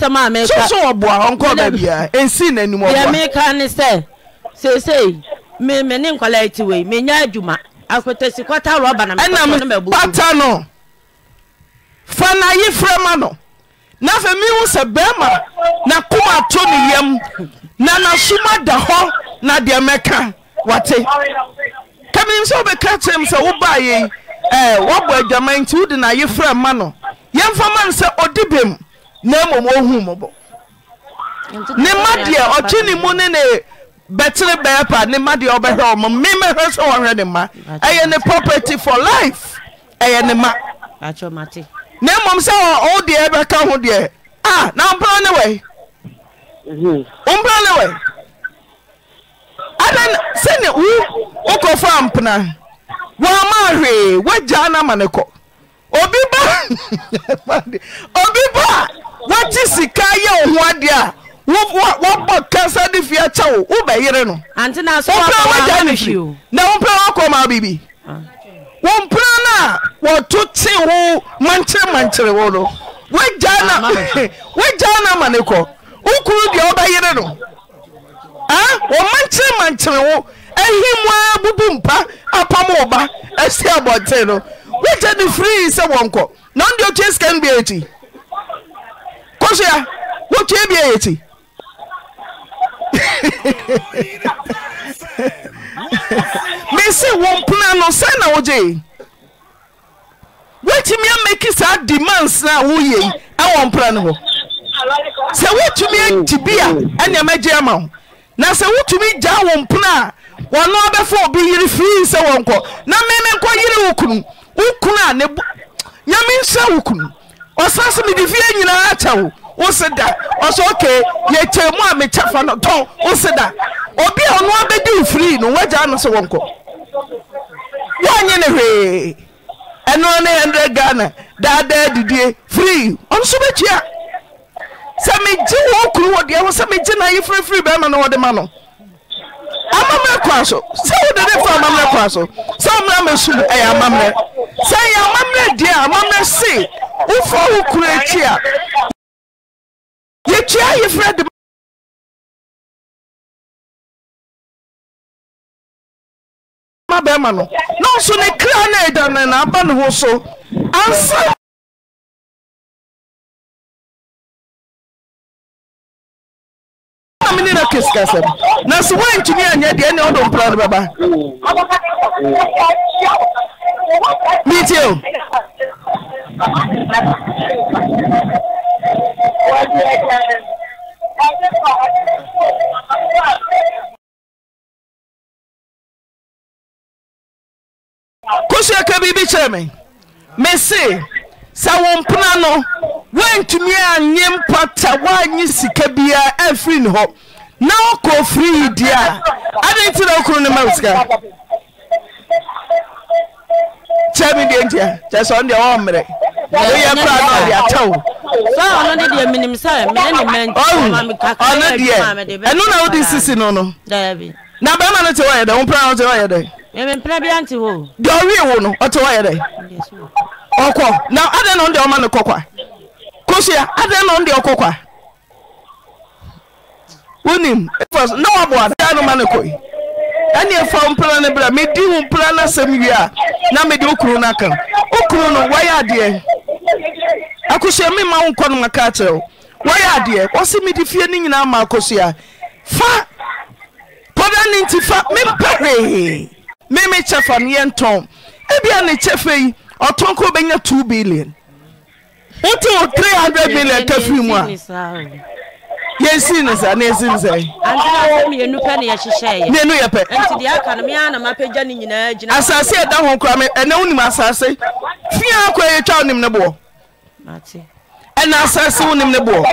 baabiasoso ɔboa ɔnkɔ baabia ɛnsi n'anim ɔboa meka ne sɛ ti wei adwuma rɔba na pata no fa na ayefrɛ ma no na afei mehu sɛ bɛrima na koma ato ne yam na nasoma da hɔ na deɛ mɛka wate ka menim sɛ wobɛka kyerɛ m sɛ wobaa yei eh, woabɔ adwama nti wode no ayefrɛ ma no yɛmfa ma no sɛ ɔde bem na mmom ɔhu mmɔbɔ ne ma deɛ ɔtwe ne mu ne ne bɛtere bɛɛ pa ne ma deɛ ɔbɛhwɛ ɔmo memɛhwɛ sɛ wɔhwɛ ne ma ɛyɛ ne property for life ɛyɛ ne ma na mmom sɛ wo deɛ bɛka ho deɛ a na mpra ne wɛ mhm. mpra ne wɛ adan sɛne wo wokɔfo ampena wɔama hwee na ma ne kɔ obi ba obi ba a woagye sika yɛ wo ho adeɛ a wɔbɔ kasa de fie akyɛ wo wobɛyere no wopra ne na wompra ma biribi wɔn mpena no a wɔto te wo mankyere mankyere wo no wagyaa na wagyaa na ama ne kɔ wo kuru deɛ wɔbɛyere no a wɔn mankyere mankyere wo ahim a bubu mpa apam ɔba asi abɔnten no wagya ne firi sɛ wɔn kɔ na wɔn deɛ otua sika no bi akyi kɔ so ya wotua bi akyi. mese wo mpena no sɛ na wogye woatumi amɛki saa demands na yie awɔ mpra no hɔ sɛ wotumi agyi bi a ɛnea mɛgye ama wo na sɛ wotumi gya wo mpena a wɔno abɛfa obi yere fii sɛ wɔnkɔ na meme nkɔ yere wo kunu wo kunu a ne nyame nhyira wo kunu ɔsan so mede fie nyinaa akyɛ wosi da ɔsɛ oke yɛkyɛ mu a mekyɛ fa no tɔn wosi da obi a ɔno abɛdi ofiri no wagya ano sɛ wɔnkɔ wɔnye ne hwee ɛno ne hundred ghana daadaa didie free ɔno nso bɛkyia sɛ megye wɔn kuru wɔ deɛ ho sɛ megye na ayi firifiri bɛrima na wɔde ma no amammerɛ kɔ aso sɛ wode ne fa amammerɛ kɔ aso sɛ ɔmmerɛ mɛsum ɛyɛ amammerɛ sɛ ɛyɛ amammerɛ deɛ a amammerɛ se wofɔ e wo kuru akyi e a kyea yi frɛ de ma bɛrima no na nso ne kra na ɛda ne na aba ne ho so ansa mini na kesi kasɛm na sɛ woantumi anyɛ deɛ ɛne ɔdɔ mpra no bɛba metio biibi khaman me se sɛ wo mpena no wontumi anye mpa ta waanye sika biaa afrine hɔ na okɔɔfiri yideɛa adɛ ti dɛ wo kro ne maosika kyɛmideia kyɛsɛn de mmerɛ woyɛ kra ndeatawo ɔno deɛɛnona wode sisi no no na bama no twyɛdɛn ptyɛ dɛ deɛ ɔwee wo no ɔte wayɛ dɛ ɔkɔ na adɛn na ɔnde ɔma no kɔkwa kosua adɛn na ɔnde ɔkɔkwa wonim na waboa daa no ma no kɔi ɛneɛ fa wo mpra no berɛ medi wo mpra no asɛm wie a na mede wo kuro no aka wo kuro no wayɛ adeɛ akohyia me wo nkɔ no maka kyerɛ wo wayɛ adeɛ ɔse mede fie no nyinaa ma akosua fa kɔda ne nti fa mempɛ hwee meme kyɛfa no yɛntɔn ebia ne kyɛfa yi ɔtɔn kɔ bɛnya 2 billion wote wo 300 million ka firi mu a yɛnsi ne saa na yɛsi ne sɛ mmienu yɛ pɛ asase ɛda ho kora me ɛnɛ wonim asase fia kora yɛtwa wonim ne boɔ ɛna asase wo nim ne boɔ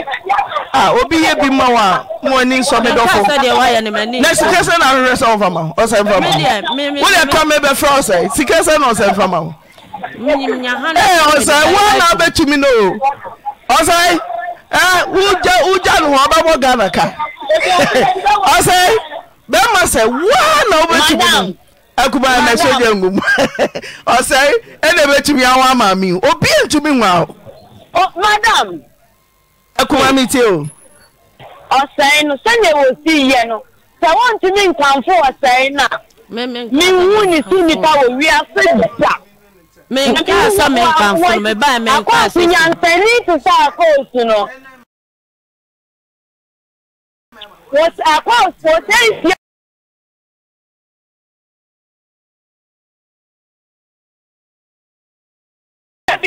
a obi yɛ bi ma wo a mo ani nsɔ me dɔfo na sika sɛ na ahwehwɛ sɛ wofa ma wo ɔsɛ mfa wo wodeɛ ka mebɛfrɛ wo sɛ sika sɛ na ɔsɛ mfa ma wo eh, ɔsɛ wo na wobɛtumi no o ɔsɛ eh, wogya wogya no ho ɔbɛbɔ ghana ka ɔsɛ bɛrima sɛ woa na wobɛtumi no akuba na ɛhyɛ gya ngum ɔsɛ ɛna ɛbɛtumi awo ama mi obi ntumi nwa o Oh, madam ɛkoma me o ɔsɛe no sɛnea wɔsii yɛ no sɛ wontumi nkamfo ɔsɛe no a menwu ne so nnipa wɔ wiase da menkaa sɛ menkamfo no mebae menkaa sɛ nyansani te sɛ akɔɔsu no akɔɔsu ɔsɛe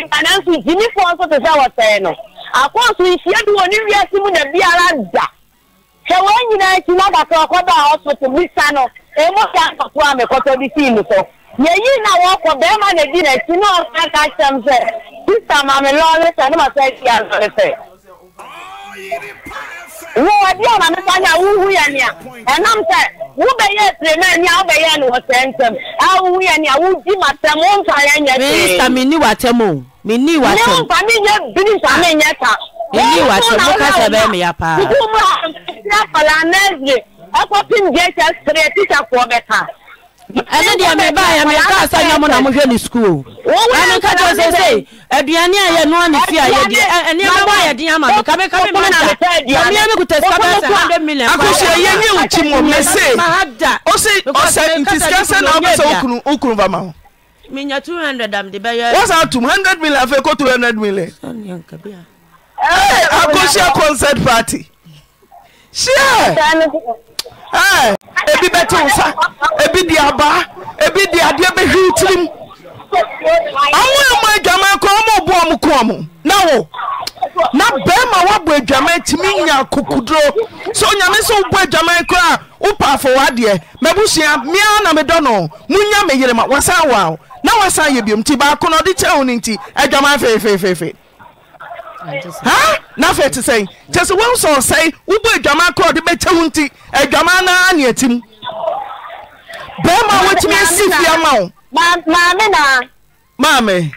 bi nanso gyinifoɔ nso te sɛ wɔsɛe no akɔɔso nhyia bi wɔ ne wiase mu na biara da hwɛ wɔn nyinaa akyi na kakra ɔkɔba a ɔsoto misa no emu ka nkɔto a mekɔtɔ bi sii mu so yɛyi na wɔkɔ bɛrima na di n'akyi na ɔsan ka kyerɛm sɛ sista maame lɔɔre sɛ ne di asɔre sɛ wo ɔdi a maame fa na wohu yɛ nea ɛnam sɛ wobɛyɛ tiri ni a wobɛyɛ no wɔ sɛ nsɛm a wohu yɛ nea wogyi ma sɛm mi sami ni wa menni w'asɛm menni w'asɛm moka sɛ ɛbɛyɛ me ya paa ɛno deɛ mebaeɛ mekaa sɛ nyɛ mo na mohwɛ ne skuul ɛno ka kyerɛ sɛ se aduane a yɛnoa ne fie a yɛdeɛ eh, eh, ya bɔ a yɛden ama no kabɛka me mantamea me kuta sika bɛsɛ 100 million akohyia yɛnyɛ wo kyi mɔ mɛ se ɔse ɔsɛ nti sika na wobɛsɛ wokunu wokunu ba ma ho menya 200 am de bɛyɛ wasa atum 100 million afei kɔ 200 million akɔhyia concert party hyɛ ebi bɛte wo sa ebi de abaa ebi de adeɛ bɛhwiri tirim ɔmo ɛmɔ adwama kɔ ɔmo ɔbo ɔmo kɔn mo na wo na bɛrima wabɔ adwama tumi nya kokuduro so onyame sɛ wobɔ adwama kora a wopɛ afɔwadeɛ mɛbusua mmea na medɔ no munya me yere ma wɔsan wɔ a na woasan yɛ biom nti baako no ɔde kyerɛ wo no nti adwaman Ha na afei te sɛn kyɛ sɛ wohu sɛ ɔsɛe wobɔ adwaman korɔ ɔde bɛkyɛ wo nti adwaman noa ne atim bɛima a wotumi asi fia ma wo maame na maame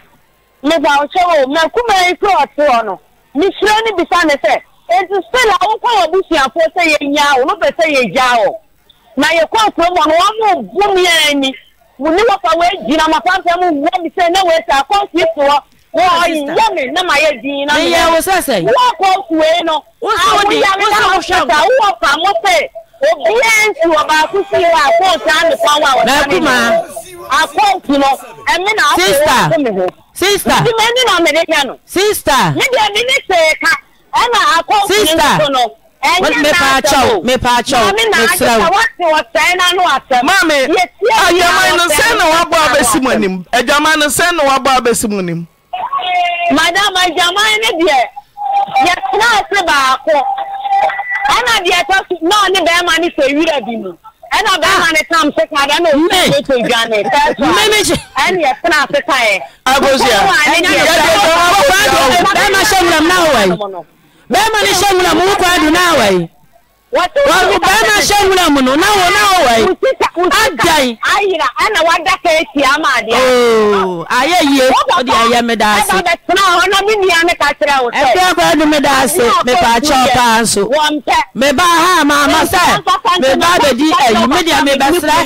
meda ɔkyɛ o makuma yi sɛ ɔte hɔ no mehyerɛ no bisa ne sɛ enti still a wɔ busuafoɔ sɛ yɛnyaa wo no pɛ sɛ yɛgyaa wo na yɛkɔ kurom hɔ no wɔmo bom yɛ ani wòní wọ́pọ̀ wọ́n gyina mafafẹ́ mu wọ́n mi sẹ́ ẹ̀ náà wọ́n sẹ́ akọ́sí fọ́ wọ́n ọ̀yẹ́ mi náà máa yẹ dín náà mi yẹ wọ́n sẹ́sẹ̀ yìí wọ́n kọ́ kùwé nọ àwọn yàrá náà wọ́n sẹ́sẹ̀ àwọn wọ́n fà mọ́ pẹ́ obi yẹn ń tu ọba akúsí wa akọ́ọ̀tù àmì kan wà wọ́n sáré nù akọ́ọ̀tù nọ ẹ̀mí náà akọ́ọ̀tù fún mi hù sísítà ìdí mi ní nà ọ̀mẹ̀dẹ́gbẹ̀ nù sísítà níbi ẹ̀mí ní sèé ká ẹ̀ pa mepa akyɛw mepa akyɛw mesrɛw maame adwaman no sɛn na wabɔ abɛsi mu anim adwaman no sɛn na wabɔ abɛsi mu anim. madam adwaman ni deɛ yɛtena ase baako ɛna deɛ ɛtɔ so na ɔne bɛrima ne sɛ wira bi mu ɛna ah. bɛrima ne tam se ka dɛ na osi ɛtɔ dwane tɛɛtɔ ɛna yɛtena ase kaeɛ. agosia ɛna yɛtɔ bɛrima hyɛ nwuram na awɔ yi bɛrima ne hyɛ nwura mu wokɔ ado na awa yi wɔgo bɛrima hyɛ nwura mu no na wo na awa yi adan ayira ɛna wada ka etia ma adeɛ ooo ayɛ yie o de ayɛ me da ase ɛna bɛtena hɔ na mi nua ne ka kyerɛ wo sɛ ɛkura kura de me da ase mepa akyɛw paa nso meba ha maama sɛ meba abedi ayi me deɛ mebɛsrɛ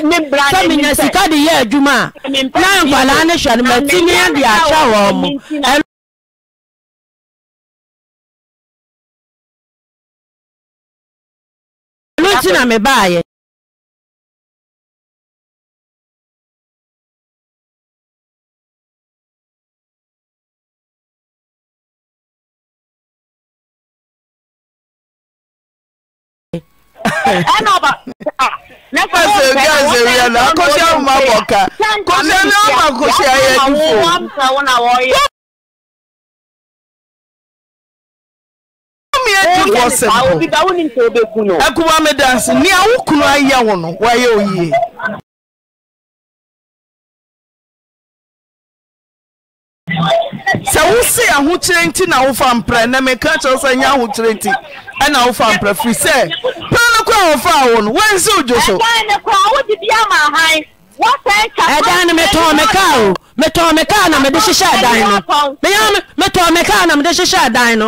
sɛ menya sika de yɛ adwuma a na nkwalaa ne hwɛ no matumi ade akyɛ wɔn mo. nti na mebaayɛ ɛna ɔba ne fa se obi ase wi ɛna akosi ahoma bɔ ka kosi ɛna ɔma kosi ayɛ dufo. ɛkuba me danse nea wo kunu ayɛ wo no wayɛ oyie sɛ wose ahokyerɛ nti na wofa mprɛ na meka kyerɛ sɛ nyɛ ahokyerɛ nti ɛna wofa mprɛ firi sɛ no wɔfaa wo no wansi wo dwo so ɛdan no o na mede hyehyɛ ɛdan no meyɛ na mede hyehyɛ ɛdan no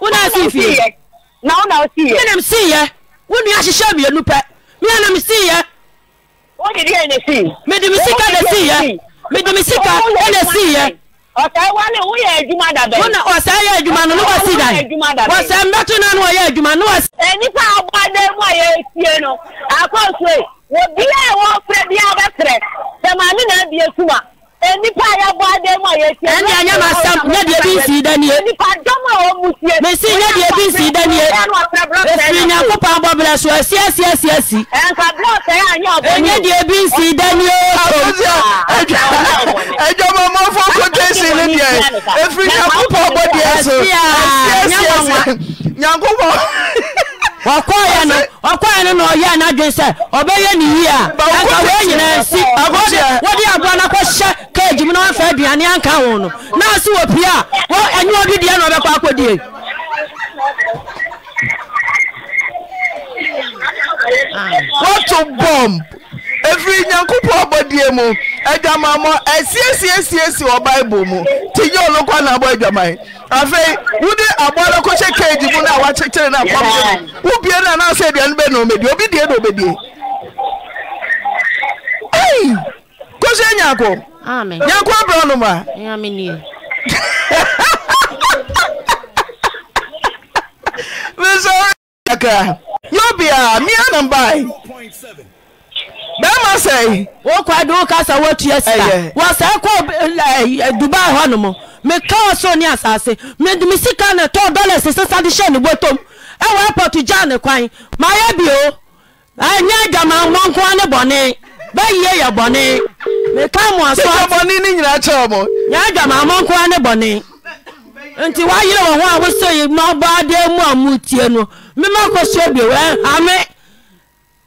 wona si fie na wona wo si yɛ menam si yɛ wo nua hyehyɛ mmienu pɛ mena nam si yɛ wode deɛ na si mede me sika na si yɛ mede me sika na si yɛ ɔsɛe wane woyɛ adwuma dabɛ wona ɔsɛe yɛ adwuma no ne wɔsi dan ɔsɛe mbɛto na no ɔyɛ adwuma ne wɔsi nnipa abɔ adan mu a yɛsie no akɔsoe wɔbia a wɔfrɛ bia wobɛserɛ sɛ maame na abie suma nipa yɛ bɔ adi mu a yɛ tiɛ. ɛni anya ma sam nye deɛ bi nsi da nie. nipa dɔm a wɔn mu tiɛ. mesi nye deɛ bi nsi da nie. efiri nyanko pan bɔ bila so esi esi esi esi. nka blɔk sɛ yɛ anya ɔbɔ nye. enye deɛ bi nsi da nie. awusia ɛjɔ e ɛjɔ e ma ma fɔ ko tesi ni deɛ efiri nyanko pan bɔ deɛ so esi esi esi nyanko pan. ɔkɔɔyɛ no ɔkɔɔyɛ no na ɔyɛ n'adwen sɛ ɔbɛyɛ ne yie a wee wɔn nyinaa nsi ọdị wɔde aboa no akɔhyɛ keegi mu na wɔn aduane anka wɔn no naasi wɔ pie a na ɔbɛkɔ akɔdie. wọ́n tún ɛfiri nyankopɔn abɔdeɛ mu adwamammɔ asiesiesiesi wɔ bible mu nti nyɛ ɔno kwa na abɔ adwaman afei wode aboa no kɔhyɛ kage mu no a wakyekyere no apam wobie no anaasɛ aduane bɛ na ɔmɛdie obi die na ɔbɛdie ei kɔhyɛ nyako nyako abrɛ no ma mesɛ yɛ obiaa mea na mbae bɛrima sɛe wokwa de wo ka sa woatua sika wɔsɛe kɔ dubai hɔ no mo meka ɔsoo ne asase mede me sika ne tɔ dɔlars sesa de hyɛ ne botom ɛwɔ airport gya ne kwan mayɛ bio ɛnyɛ bọni mmɔnkoa ne bɔne bɛyie yɛ bɔne meka mmoasobɔne ne nyinaa kyerɛ mo nyɛ adwama mmɔnkoa ne bɔne nti woayerɛ wɔ ho a wosɛ yi ma ɔbaa de mu a tie no mema kɔ so bio ame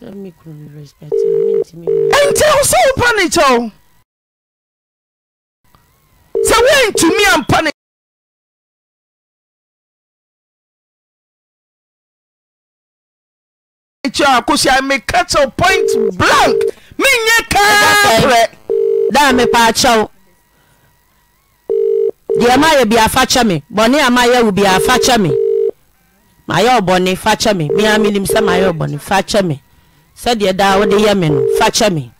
ntiwosɛwopane kyɛo sɛ wontumi ampaekyɛ akosea meka kɛ point blank meyɛ kaaprɛ da mepɛakyɛwo deɛ ma ayɛ bia fa kyɛ me bɔne a mayɛ wo bia fa kyɛ me mayɛ ɔbɔne fa kyɛ me mea menim sɛ maayɛ ɔbɔne fa kyɛ me sɛdeɛ daa wode yɛ me no fa kyɛ me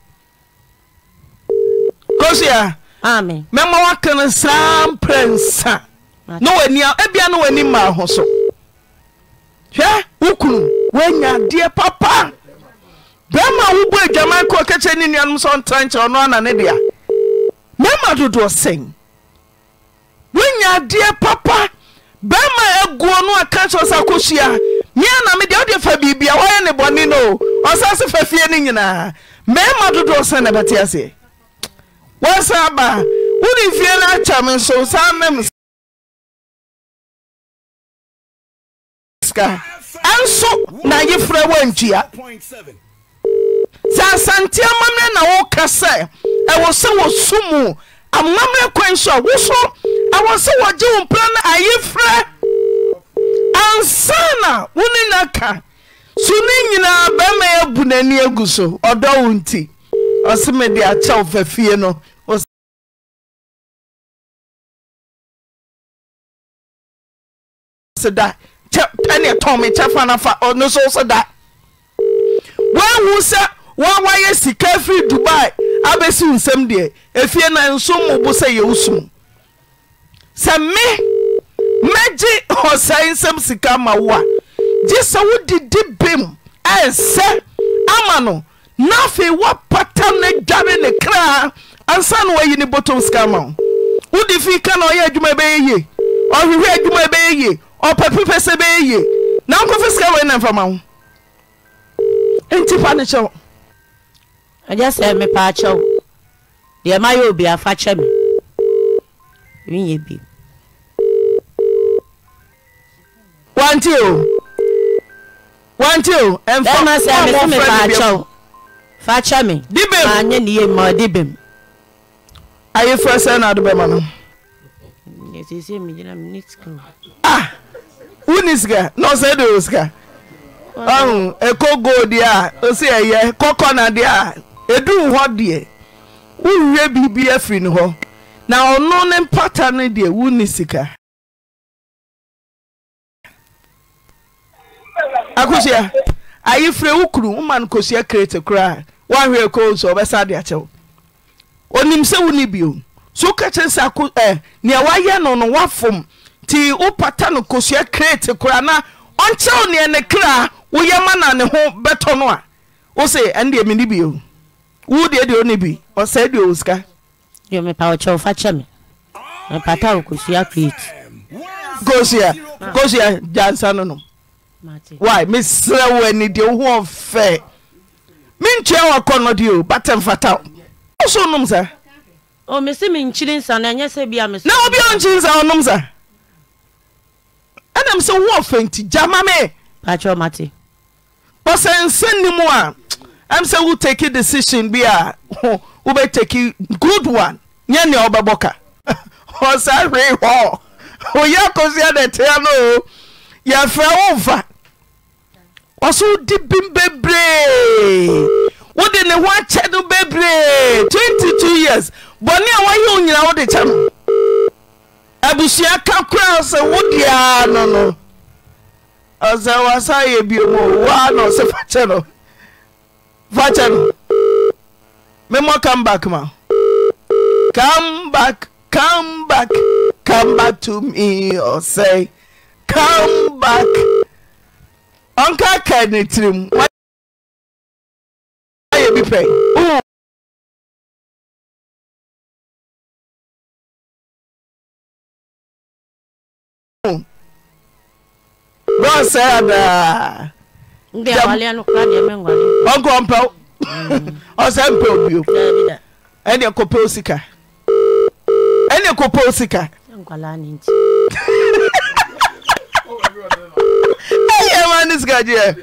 kosia ame mɛma woaka no saa mprɛ nsa na wani ebia na w'ani maa ho so hwɛ wo kunu nya adeɛ papa bɛima wobɔ adwaman kɔɔ kɛkyɛ ne nnuanom sɛ ɔntra nkyerɛ ɔno ana ne dea mɛma dodoɔ sɛn nya adeɛ papa bɛima aguo no a kyerɛ sɛ akɔhyia yeaname deɛ wode fa biribia wɔyɛ ne bɔne no o ɔsa se fa fie no nyinaa mama dodoɔɔsɛne ɛbɛte aseɛ wosa baa wode fie no akyɛme nso saa nemska nso na yefrɛ woantia sɛ asanteɛ ma meɛ na woka sɛ ɛwɔ sɛ wɔso mu amomamerɛ kwansawo so ɛwɔ sɛ wɔgye wo mpa no ayefrɛ ansa na na ka so ne nyinaa bɛrima yɛabu n'ani agu so ɔdɔ wo nti ɔse mede akyɛw fa fie no se da ɛne tɔn me kyɛ fa nafa ɔno so so da woahu sɛ woawayɛ sika firi dubai abɛsi nsɛm efie na nso sɛ sɛ me megye ɔsɛe nsɛm sika ma wo a gye sɛ wodidi bem ɛnsɛ ama no na afei woapata ne dware ne kraa ansa na wayi ne bottom sika ma wo wode fii ka na ɔyɛ adwuma ɛbɛyɛ yie ɔhwehwɛ adwuma ɛbɛyɛ yie ɔpɛpi pɛ sɛ ɛbɛyɛ yie na nkɔfɛ sika wei na mfama wo nti pa ne kyɛ wo ɛgya sɛ mepaakyɛ wo deɛ mayɛ obi afa kyɛ me menyɛ bio wanti o wanti o ɛnfa ɛma sɛ ɛmɛ fún mi fàákyɛw fàákyɛ mi dibem maa nye ne yie ma dibem. ayi fɛ sɛ na adi bɛ ma no. ah wúni sika náà ɔsɛ de o sika ɔhún ɛkó gold a ɔsi ɛyɛ kɔkɔ na de a edu hɔ deɛ wúwúwe biribi efiri ne hɔ na ɔno ne mpata ne deɛ wúni sika. akosua ayefrɛ wo kuru woma no kosua krete koraa woahweɛ koo so ɔbɛsa de akyɛw onim onye wo ne bio so woka kyerɛ sɛ nea woayɛ no no woafom nti wopata no kosua krete koraa na ɔnkyɛw neɛ ne a woyɛ ma na ne ho bɛtɔ no a wo se ɛndeɛ mene bio deɛ deɛ one bi ɔsɛe deɛ ɔwo sika mepa ɔkyɛwo fa kyɛ me mepata wo wy mesrɛ wo ani deɛ ohoɔ fɛ mentea wɔkɔnnɔdeɛ o batɛmfatawo osono san obiakyiri oh, nsa onom saɛnɛm sɛ wooɔfɛ nti gyamame btsɛnsɛni m a m sɛ wotaki decision bi a wobɛtaki good one yɛ nea wobɛbɔka sɛ he hyɛ saayɛfɛwof ɔso di bim bebree wode ne ho akyɛ no bebree 22 years bɔne a woayɛ wo nyina wode kyɛ no abusua ka koraa sɛ wodeaa no no ɔsɛ wasa yɛ biomu waa na ɔsɛ fakyɛ no fakyɛ no memɔ come back ma come back come back come back to me ɔsɛ come back ɔnka ka ne tirim uh, wayɛ mm. bi pɛ bọ́ọ̀sẹ̀ àdá. ndé àwálé ànúkúrá díẹ̀ mẹ́ngwálé. ọkọ mpẹ́ ọsẹ mpẹ́ obi o ẹni ẹ̀kọ́ pẹ́ òsìkà ẹni ẹ̀kọ́ pẹ́ òsìkà. nkwalá ni n ti. aa eh, eh, ne sika deɛ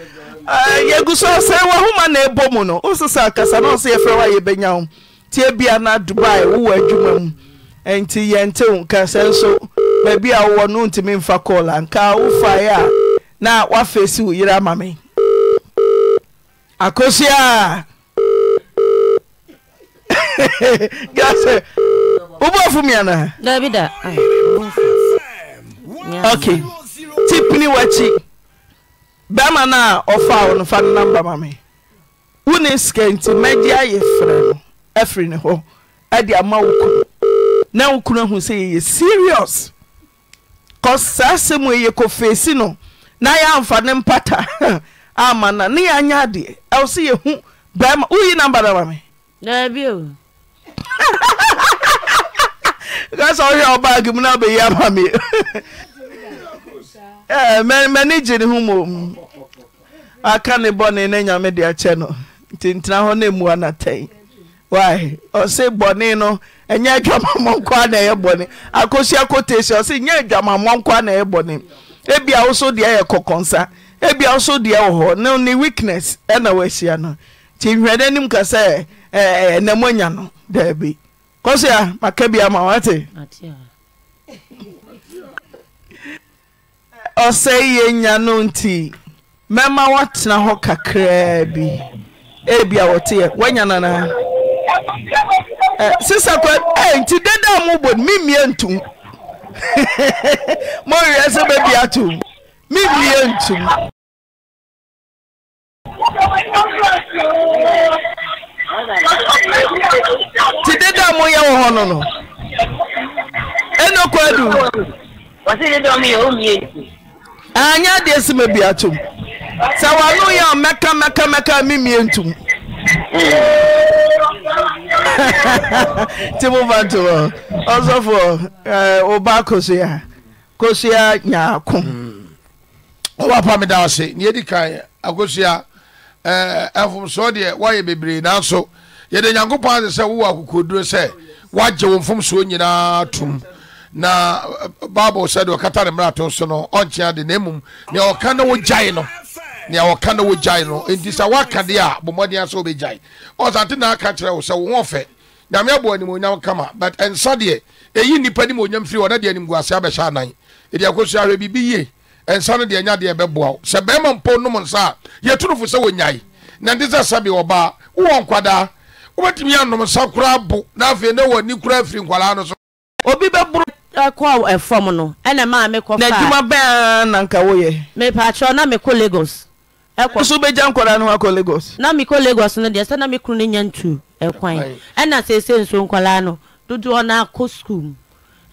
yɛgu so sɛ wahoma na ɛbɔ mu no woso akasa na ɔsɛ yɛfrɛ wo yɛbɛnya wo nti bia na dubai wowɔ adwuma mu nti yɛntew nka nso baabi a wowɔ no ntumi mfa kɔɔla nka wofaeɛ a na woafeesi wo yere ama me akosua gasɛ wobɔfo mianaa ok tipini wakyi bɛima na a ɔfaa wo no fa no namba ma me wo ne sika nti mɛgye ayɛ frɛ no afiri ne hɔ ade ama wo na wo kunu ahu sɛ yɛyɛ serious cause saa asɛm ɛyɛ kɔfeesi no na yɛamfa ne mpata ama na ne yɛanyɛ adeɛ ɛwo sɛ yɛhu bɛima woyi namba no ma me daabio ka sɛ wohwɛ ɔbaage mu no m'ani gye ne ho mmom aka ne bɔne ne nyame de akyɛ no nti ntena hɔ na mmua natɛn wy ɔse bɔne no ɛnyɛ adwamammɔ nkɔ a na ɛyɛ bɔne akɔhyia kotesi ɔse nyɛ adwamammɔ nkɔ a na ɛyɛ bɔne ebia wo so deɛ yɛ kɔkɔnsa ebia wo so deɛ wɔ hɔ ne ne weakness ɛna e wɔahyia no nti nhwɛ n'anim ka sɛ ɛnamanya eh, eh, no daabi kɔ so a maka bi ama wate ɔsɛ ye nya no nti mɛma woatena hɔ kakraa bi ebia wɔteyɛ woanya nanaa sisa kwa nti deda a mobɔ no memmie ntom mɔwerɛ sɛ bɛbi atom memmie ntom ti deda a moyɛ wɔ hɔ no no ɛnokɔ adu anya dị esi atụm deɛ sɛ mabi atom sɛ wano yɛ mɛka mɛka mɛka memie ntom nti mofa nto ɔsɔfoɔ woba eh, kosua kosua nyaako ɔbapa meda ase ne yɛdi kae akosua ɛfomsoɔ eh, deɛ woayɛ bebree nanso yɛde nyankopɔn ase sɛ wowɔ akokoduro sɛ woagye wo mfomsoɔ nyinaa tom mm. na uh, bible sɛ deɛ ɔkata ne mmarato so no ɔnkyea de na mmom nea ɔka na wogyae no nea ɔka na wogyae no enti sɛ woaka deɛ a bɔmmɔden sɛ wobɛgyae ɔsante na aka kyerɛ wo sɛ wo ɔfɛ nyame abɔ animonyam kama but ɛnsa deɛ ɛyi nnipa nimonyam firi ɔna deɛ animguase abɛhyɛ anan ɛde akɔsua hwɛ biribi yie ɛnsa no deɛ ɛnya deɛ ɛbɛboa wo sɛ bɛrima mpo nom nsa a yɛtorofo sɛ wɔnyae na nte sɛ sɛbe ɔbaa wowɔ nkwadaa wobɛtumi anom nsa koraa bo na afei na wɔni koraa afiri nkwalaa no so obi bɛboro kɔ fam no ɛna maa mekɔadwuma bɛa nanka woyɛ mepakyɛw na mekɔ lagos so wobɛgya nkɔda no akɔ lagos na mekɔ lagos no deɛ sɛ na mekro no nya ntu kwan ɛna sese nso nkɔlaa no dodoɔ no akɔ skuul mu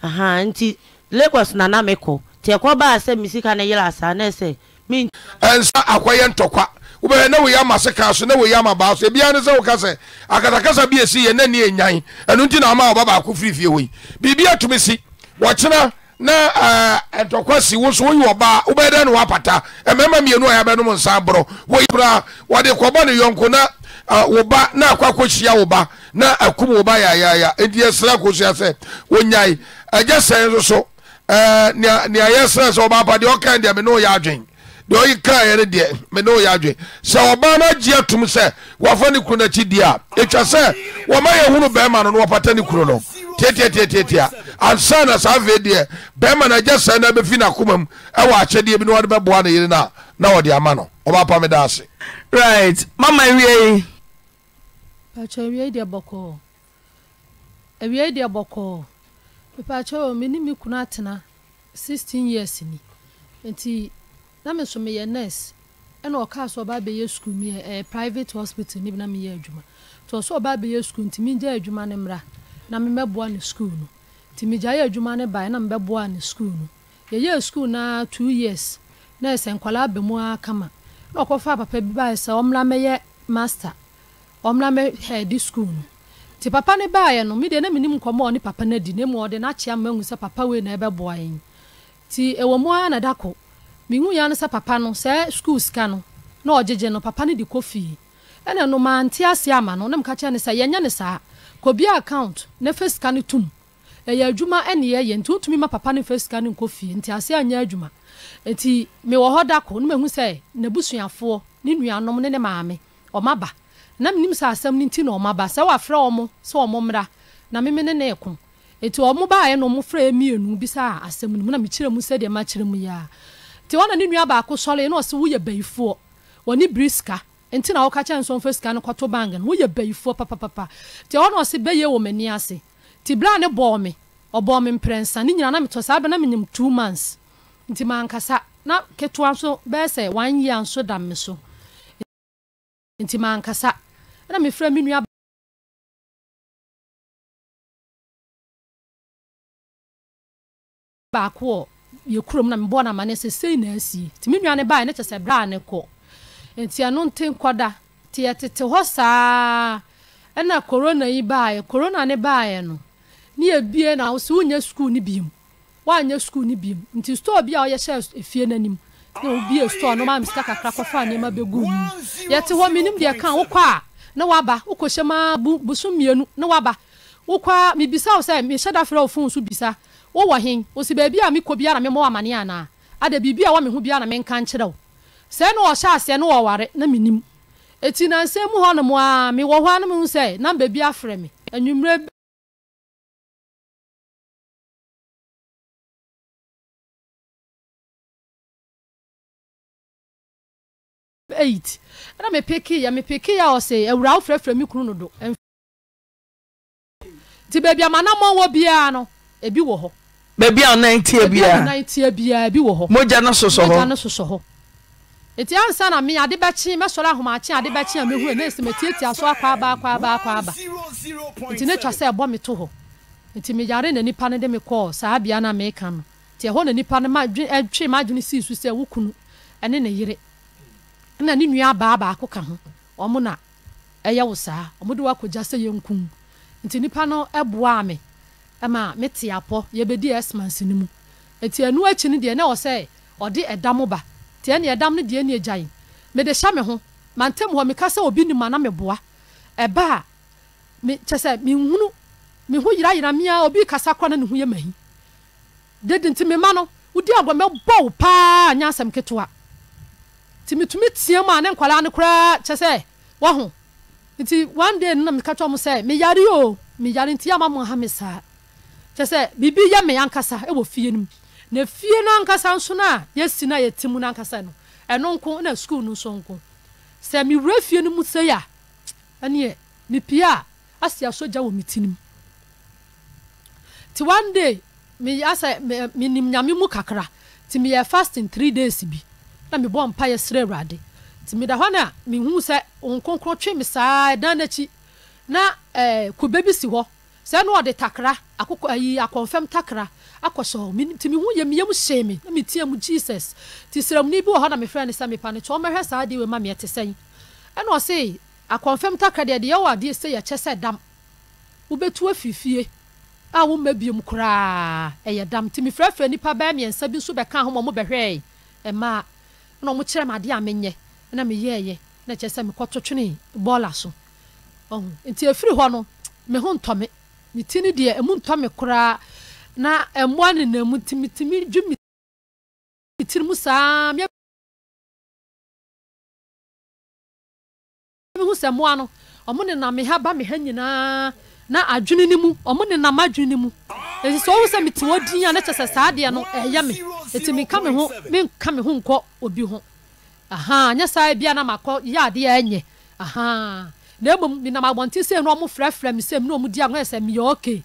aha nti lagos na na mekɔ nti ɛkɔ baa sɛ mesika no yere asaa na sɛ ɛnsa akwayɛ ntɔkwa wobɛyɛ na woyɛ ama se seka so na woyɛ ama baa so ebiara ne sɛ woka sɛ akatakasa bi esi yɛ na ni enyan ɛno nti na ama ɔba baako firifie wɔ yi biribi atumi si wɔkyena na ntɔkwa si wo so woyi eh, ɔbaa wobɛyɛ dɛ ne woapata mmarima mmienu a yɛabɛnom nsa borɔ woyi koraa wɔde kɔbɔ ne yɔnko na wo ba na akɔ akɔhyia wo ba na akum wo ba yayaya enti yɛsrɛ akosua sɛ wonyae agya sɛn nso so nea yɛsrɛ sɛ ɔbaa pa deɛ ɔkan deɛ me ne woyɛ adwen deɛ ɔyi kaeɛ no deɛ mene ya adwe sɛ ɔbaa no agye atom sɛ wɔafa ne kuro no akyi diɛ a ɛtwa sɛ wɔma yɛhunu bɛrima no no wɔpata ne kuro no tiatiatiatiatia ansa na saa afei deɛ bɛrima no agya sɛ na bɛfi na akoma mu ɛwɔ akyɛdeɛ bi na wɔde bɛboa no yere no a na wɔde ama no ɔbapa me da ase right mama awiei pakyɛ awiei deɛ bɔkɔɔ awiei deɛ bɔkɔɔ mepakyɛ wɔ me ne me kunu atena 16 years ni nti na me nso meyɛ nurse ɛna ɔkaa so ɔba abɛyɛ school mi ɛ private hospital ne bi na meyɛ adwuma nti ɔso ɔba abɛyɛ school nti mi gya adwuma ne mmra na me mɛboa ne school no nti mi gya yɛ adwuma ne ba na me bɛboa ne school no yɛyɛ school na two years na ɛsɛ nkwadaa abɛ mu akama na ɔkɔfa papa bi bae sɛ ɔmmra mɛyɛ master ɔmmra mɛhɛɛdi school no ti papa ne baeɛ no mi deɛ na mi nim nkɔmɔ ɔne papa ne adi na mu ɔde n'akyea mma ehu sɛ papa wei na ɛbɛboa yɛn ti ɛwɔ mu ara na dako mehu ya no sɛ papa no sɛ school sika no na ɔgyegye no papa no de kɔ fie ɛna no mante ase ama no na meka kyerɛ no sɛ yɛnyɛ ne saa kɔbi account na fa sika no tom ɛyɛ adwuma ɛne yɛyɛ nti wotumi ma papa no fa sika no nkɔ fie nti ase anyɛ adwuma nti mewɔ hɔ da no mahu sɛ n'abusuafoɔ ne nuanom ne ne maame ɔma ba na menim sɛ asɛm no nti na ɔma ba sɛ wafrɛ ɔmo sɛ ɔmo mmra na meme ne ne ɛko nti ɔmo baeɛ na ɔmo frɛ mmienu bi sɛ asɛm no mu na mekyerɛ mu sɛdeɛ makyerɛ mu yɛa nti wɔn na ne nua baako sɔre na ɔsi woyɛ bɛyifoɔ wɔne biri sika nti na ɔka kyɛn nso nfa sika no kɔto bank no woyɛ bɛyifoɔ papapapa nti wɔn na ɔsi bɛyɛ wɔ m'ani ase nti braa ne bɔɔ me ɔbɔɔ me mprɛnsa ne nyinaa na metɔ saa bɛ na menyim two months nti mankasa na ketewa nso bɛyɛ sɛ one year nso da me so nti mankasa na mefrɛ me nua baako wɔ yɛ kurom na mebɔ nama ne sɛ sei na asi nti me nuane baeɛ ne kyɛ sɛ berɛ a ne kɔ nti ɛno nte nkɔda nti yɛtete hɔ saa ɛna korona yi baeɛ korona ne baeɛ no ne yɛbie na wo sɛ wonyɛ sukuu no biom woanyɛ sukuu no biom nti store bi a wɔyɛhyɛ efie no na obie store no maa me sika kakra kɔfa nneɛma bɛgu mu yɛte hɔ menim deɛ ka wokɔ a na waba wokɔhyɛ maa bosom mmienu na waba wokɔ a mebisa wo sɛ mehyɛ da frɛ wo bisa wowɔ he wo baabi a mekɔ biara memmɔ amane anaa ada biribi a wɔme ho biara na menka nkyerɛ wo sɛ ne wɔhyɛ aseɛ ne wɔware na menim ɛti nansɛm mu hɔ nom a mewɔ hɔ a no mehu sɛ namba bi afrɛ me anwummerɛ eight ɛna ɔsɛ awura kunu no do nti baabi biara no ebi wɔ hɔ baabi a ɔnan tie biara ɔnan tie biara bi wɔ hɔ mogya no soso hɔ mogya no soso hɔ eti ansa na mi ade bɛkye mɛsɔrɔ ahomakye ade bɛkye a mehu ene esi metietia so akɔ aba akɔ aba akɔ aba nti ne twa sɛ ɛbɔ mi to hɔ nti mi yare na nipa ne de mi kɔɔ saa bea na mi ka no te ɛhɔ na nipa ne ma dwe ɛtwe ma adwene sii so sɛ wukunu ɛne ne yere ɛna ne nua baa baako ka ho ɔmo na ɛyɛ wo saa ɔmo de wakɔ gya sɛ yɛ nkum nti nipa no ɛboa mi ɛma mete apɔ yɛbɛdi ɛsmans no mu nti e ɛnu akyi no deɛ na ɔsɛ ɔde ɛdam ba tiɛ ne ɛdam no deɛ ne agya yi mede hyɛ me ho mantam hɔ meka sɛ obi nim ana meboa ɛba a kyɛ sɛ menhunu me ho yirayira mea obi kasa kora na ne ho yɛ mahi dede nti mema no wodi agwa mɛbɔ wo paa nyɛ asɛm ketewa nti metumi teɛ mu a ne nkwaraa no koraa kyɛ sɛ waho nti one day no na meka kyɛ mo sɛ meyare o meyare nti ama mo ha me saa kyɛ sɛ biribi yɛ me ankasa ɛwɔ fie no mu na fie no ankasa nso no a yɛsi no a yɛte mu no ankasa no ɛno nko na sukuu no nso nko sɛ mewura fie no mu sei a ɛneɛ mepie a asi asogya wɔ me ti no mu nti one day me asɛ menim nyame mu kakra nti meyɛ fasting three days bi na mebɔ mpayɛ serɛ awurade nti meda hɔ no a mehu sɛ nkonkron twe me saa ɛdan no akyi na ɛɛ eh, kube bi si hɔ sɛ na ɔde takra akokɔ ayi akɔnfɛm takra akɔ sɔɔ mi ti mi hu yɛ mi yɛ mu hyɛn mu jesus ti srɛmuni bi wɔ hɔ na mi frɛ ne sɛ mi pa ne kyɛ ɔmɛhwɛ saa adeɛ wɔ ma mi ɛte sɛn ɛna ɔse akɔnfɛm takra deɛ deɛ yɛwɔ adeɛ sɛ yɛ kyɛ sɛ dam wobɛtu afifie a wo mma biem koraa ɛyɛ dam ti mi frɛfrɛ nipa bɛɛ mmiɛnsa bi mo bɛhwɛɛ ɛmaa ɛna ɔmo kyerɛ mi adeɛ a menyɛ ɛna mi mi kɔtɔtwene bɔɔla so ɔho nti efiri hɔ no mi ho ntɔmi me ti ne deɛ ɛmu ntɔ me koraa na ɛmmoa nenam mu timitimi ju me tiri mu saa meɛ mehu sɛ mmoa no ɔmo nenam me ha ba me ha nyinaa na adwene ni mu ɔmo nenam adwene ne mu esi sɛ ɔwɔ sɛ me te hɔ din a ne kyɛ sɛ saa adeɛ no ɛyɛ me eti mi nka mi ho me nka me ho nkɔ obi ho ahan nyɛ saa ebi a na yɛ adeɛ ɛnyɛ ahan na mmom menam abɔnten sei na ɔmo frɛfrɛ me sɛm na ɔmo di ahoɛ sɛ meyɛ oke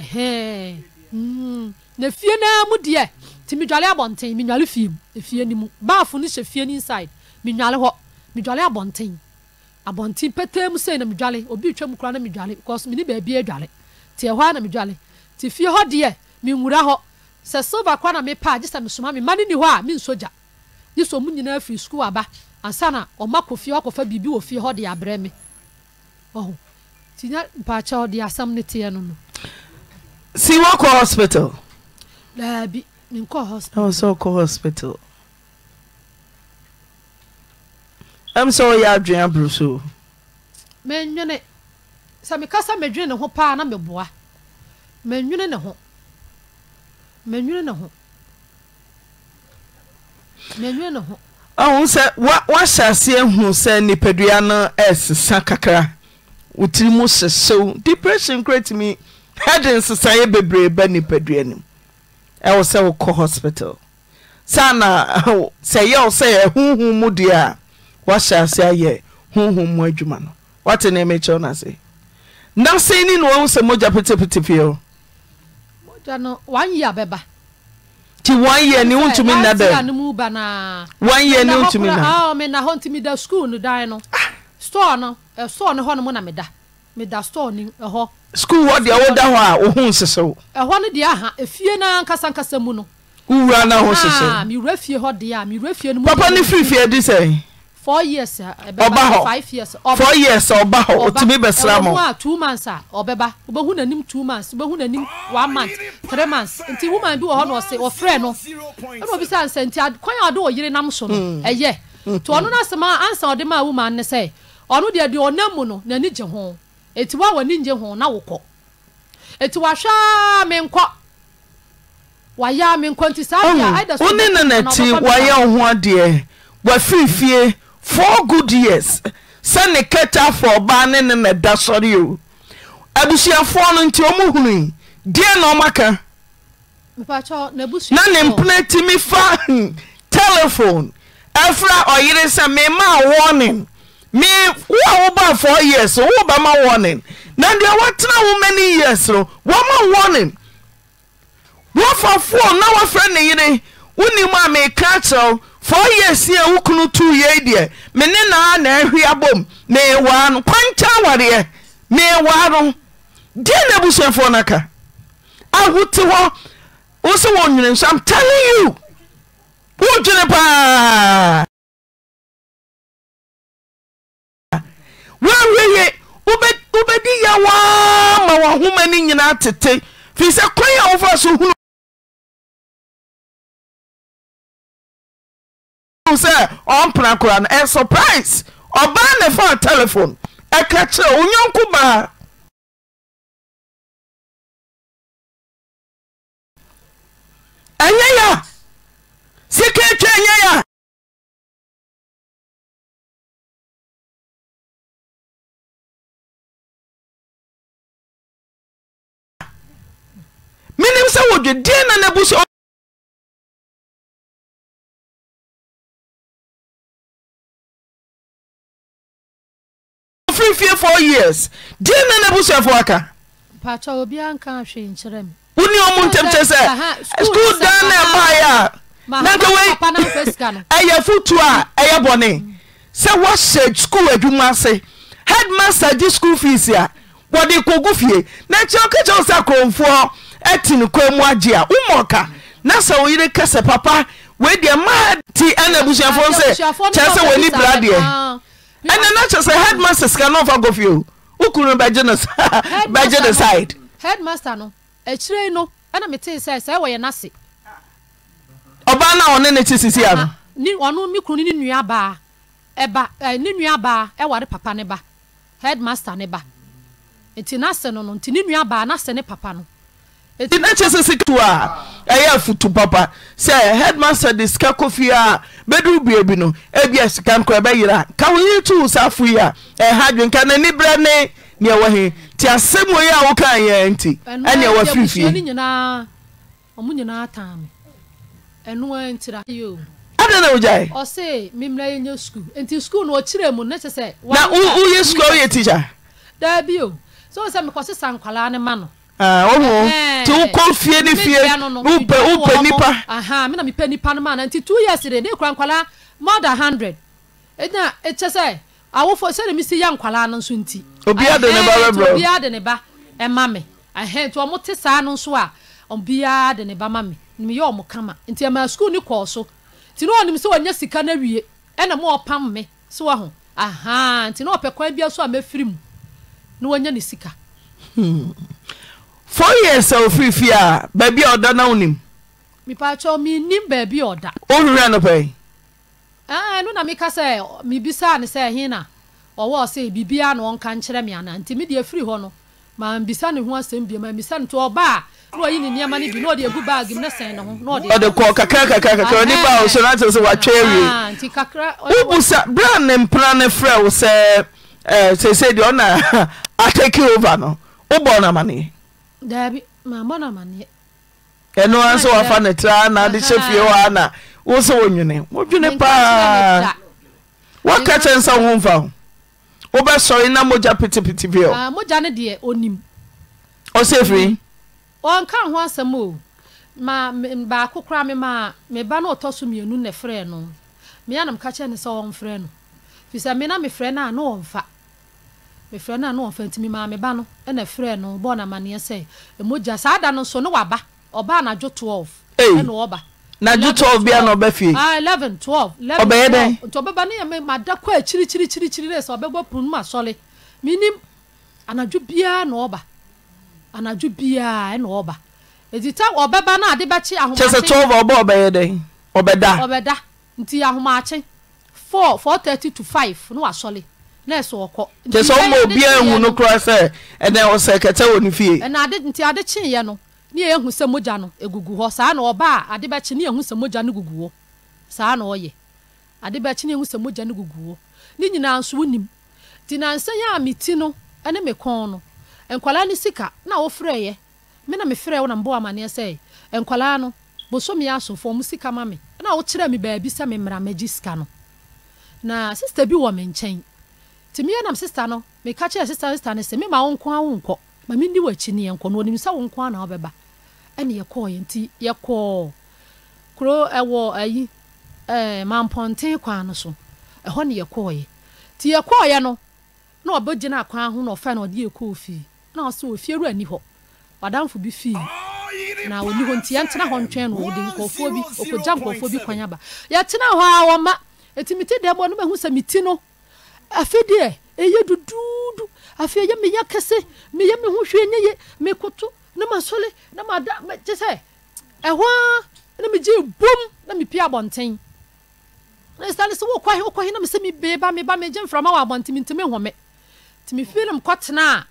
ɛhɛn mm na fie naa mu deɛ ti medwale abɔnten menwale fie mu efie ni mu baafo no hyɛ fie ni inside menwale hɔ medwale abɔnten abɔnten petee mu sei na medwale obi twam koraa na medwale because mene baabi adwale te ɛhɔ a na medwale Ti fie hɔ deɛ menwura hɔ sɛ silver koraa na mepa agye sɛ mesoma me ma ne ni hɔ a menso gya gye sɛ ɔmo nyinaa firi sukuu aba ansa na ɔma kɔ fie hɔ akɔfa biribi wɔ fie hɔ de abrɛ me es wɔɔhspitalaesɛɔhospital m sɛ woyɛ adwene abrɛsoo mewene sɛ mekasa madwene ne ho paa na meboa mwene ne ho wnene hownenehoh sɛ woasyɛasehu sɛ nnipadua no aɛsesa kakra wo tiri mu depression create me hɛde nsesaeɛ bebree ba nipaduanim ɛwɔ sɛ wokɔ hospital saa na sɛ yɛwo sɛ honhum mu deɛ a woahyɛ ase ayɛ honhum mu adwuma no woate ne mɛkyɛw no ase na sɛi na wahu sɛ mogya petepete pie o nti wanyɛ ne wontumi nna dɛn wanyɛ na ɛsɔɔ ne hɔ no mu na meda meda sɔɔ ne ɛhɔ. sukuu hɔ deɛ woda hɔ a ohun sesew. ɛhɔ no deɛ aha efie na nkasa nkasa mu no. wura na ho sesew. aa ah, miwura fie hɔ deɛ a miwura fie no mu. papa ne firi fie di sɛ. four years ɛbɛba five years ɔba four years ɔba hɔ otumi bɛsira mo. ɛwɔ ho a two months a ɔbɛba obehu n'anim two months obehu n'anim one month three months nti woman bi wɔ hɔ na ɔse ɔfrɛ no ɛna obi sɛ nti kwan a ɔde ɔyere nam so no mm. ɛyɛ mm, to ɔno mm. na asɛm a ansa ɔde maa woman ne sɛ. ɔno deɛ deɛ ɔnam mu no n'ani gye ho eti wa w'ani gye ho na wokɔ eti wahwɛ menkɔ wayɛ menkɔ nti saa deɛ ɛda so wo na nanati wayɛ wo ho adeɛ wafirifie four good years sɛ ne kɛta afɔ ɔbaa ne ne na da sɔre o abusuafoɔ no nti ɔmo hunui deɛ na ɔmaka na ne mpena timi fa hmm, telefone ɛfra ɔyere sɛ memaa wɔne me wo a woba four years so woba ma warning na deɛ wɔtena wo many years no wɔma warning wofa four? na wɔfrɛ ne yere wonim a meka kyerɛw four years yɛ wo kunu two yei deɛ me ne naa na ahwe abom mewaa no kwankyɛn awareɛ mewaa no deɛ na abusuafoɔ no ka ahote hɔ wo sɛ wɔ nwene so am telling you wodwene paa wwe ie wobɛdi yɛwaa ma woahoma ne nyinaa tete firi sɛ kayɛ wofoɔ so hunu sɛ ɔmpena koraa no asurprise ɔbaa ne fa a telefon ɛka kyerɛ onyanko baa ɛyɛ ya seke twa ɛ dwe deɛ na no bufrifie fo years diɛ na no busyɛfoɔ aka woni ɔmu ntɛmkyɛ sɛ skuul eh, dan na ɛmayɛ a nakw ɛyɛfotu a ɛyɛ bɔne mm. sɛ wohyɛ skuul adwuma ase headmaster gye scholfees a wɔde kɔgu fie na nkyɛ wokakyɛ wo sa korɔmfoɔ atino kwa mu agye a womɔka na sɛ wo yere kɛsɛ papa weideɛ maa ti ana abusuafoɔ sɛ kyɛɛ sɛ w'ani bra deɛ ɛnɛ na kyɛ sɛ headmaster sika ne ɔfa kɔfie o wo kunu bɛgye ne side headmaster no akyirɛi no ɛna metee sɛ sɛ ɛwɔ yɛ n'ase ɔbaa no a ɔne ne kye sisia no ɔno me kunu ne ne nuabaa ɛba ne nuabaa ɛware papa ne ba headmaster ne ba nti n'ase no no nti ne nuabaa n'ase ne papa no nɛ kyɛ sɛ se to a ɛyɛ afotu papa sɛ headmaster dis ca kofie a bɛduw biabi no ɛbiasika nko bɛyerɛ a kaho yi to o sa afo yi a ɛɛha adwenka naniberɛ ne nea wa he nti asɛm ɔ yi a wokaa yɛa nti ɛnea woafrifie adana wogyaen woyɛ skuua woyɛ teka ɔhu nti wokɔ fie ne fie wopɛ nipa mi mepɛ nipa no ma na nti two years de ne kura nkwalaa more than hundred ɛna ɛkyɛ sɛ awofo sɛde mesi yɛ nkwalaa no nso nti obia de ne ba eh, bɛbrɛ obia de ne ba ɛma e me ɛhɛn nti ɔmo te saa no nso a obia de ne ba ma me nimiyɛ ɔmo kama nti ɛma sukuu ne kɔɔ so nti ne ɔnim sɛ wɔnyɛ sika no awie ɛna mo ɔpam me so wɔ ho ahan nti ne ɔpɛ kwan bi so a mɛfiri mu ne wɔnyɛ ne sika. Hmm. fo years a ofirifie a baabi a ɔda na wonim mepaakyɛ mennim baabi ɔda owura no pɛi ɛno na meka sɛ mebisaa ne sɛ he na ɔwɔ sɛ biribiaa na ɔnka nkyerɛ me anaa nti mede efiri hɔ no m'bisa ne ho asɛm biama misa no nti ɔba a na ɔyi ne nneɛma no bi na ɔde baagi m ne sɛn ne ho ɔde kɔ kakra ɔde ah, ba wo so no atɛ sɛ watwa awie ah, ah, wobu sa berɛ a ne mpena ne frɛ wo sɛ eh, sɛsɛ deɛ ɔna atake over no wobɔ no daabi maa mbɔ na maneɛ ɛno a sɛ wafa ne tra na ade hyɛ fie hɔ a na wo sɛ wodwene wodwene paa woaka kyɛ nsa wo mfa ho wobɛsɔre na mogya pitipiti bi hɔ ah, mogya no deɛ ɔnim ɔsɛ firi mm. ɔnka ho asɛm o ma baako koraa me maa meba na ɔtɔ so mmienu na frɛ no meanam ka kyerɛ ne sɛ ɔmfrɛ no firi sɛ me na mefrɛ no a na ɔmfa mefrɛ no a na ɔfa ntimi maa me no ɛna frɛ no bɔɔ sɛ saa da no nso waba ɔbaa nadwo 12 ɛna ɔba nadwo 12 bia na ɔbɛ fie 11 ah, 12 ɔbɛyɛ dɛn nti ɔbɛba ne yɛ me mada kɔ akyirikyirikyirikyiri dɛ sɛ ɔbɛbɔ punu mu asɔle menim anadwo biara na ɔba anadwo biara ɛna ɔba ɛti ta ɔbɛba no ade bɛkye ahomakye kyɛ sɛ 12 ɔbɛ ɔbɛyɛ dɛn nti 4 to 5 nurse wɔkɔ. kye sɛ ɔmo obi ehu no kura sɛ ɛnna ɔsɛ kɛtɛ wɔ ne fie. ɛnna ade nti ade kyen yɛ no ne yɛ ehu sɛ mogya no egugu hɔ saa na ɔbaa ade bɛkye ne yɛ ehu sɛ mogya no gugu hɔ saa na ɔyɛ ade bɛkye ne yɛ ehu sɛ mogya no gugu hɔ ne nyinaa nso wonim ti na nsa a me ti no ɛne me kɔn no nkwadaa ne sika na wɔfrɛ yɛ me na me frɛ wɔn na mbɔ amaneɛ sɛ nkwadaa no bosomi asofo ɔmo sika ma me na wɔkyerɛ mi baabi sɛ me mmeramagye sika no na sista bi wɔ me nkyɛn nti mmea nam sista no meka kyerɛ sista sista no sɛ me ma wo nko a wo nkɔ ma mendi w'akyi ne yɛnkɔ no ɔnim sɛ wo nko a na wobɛba ɛne yɛkɔɔyɛ nti yɛkɔɔ kuro ɛwɔ ayi ɛɛ eh, mampɔnten kwan no so ɛhɔ ne yɛkɔɔyɛ nti yɛkɔɔyɛ no na ɔbɛgyina kwan ho na ɔfa na ɔde yɛkɔɔ fie na ɔsɛ ofie wura ni hɔ wadamfo bi fii na ɔni hɔ nti yɛntena hɔ ntwɛn no ɔde nkɔɔfoɔ bi ɔkɔgya nkɔɔfoɔ bi kwan aba yɛtena hɔ a wɔma ɛti mete dɛm no mahu sɛ meti no afe deɛ ɛyɛ duduudu afe ɛyɛ meyɛ miya meyɛ me ho hwee nyɛ ye mekoto na masɔre na mada kyɛ sɛ ɛhɔ a na megye bom na mepie abɔnten na ɛsane sɛ wokɔ he wokɔ he na mi mebee ba meba megye mframa wɔ abɔnten mentimi home nti mefie no mkɔtena a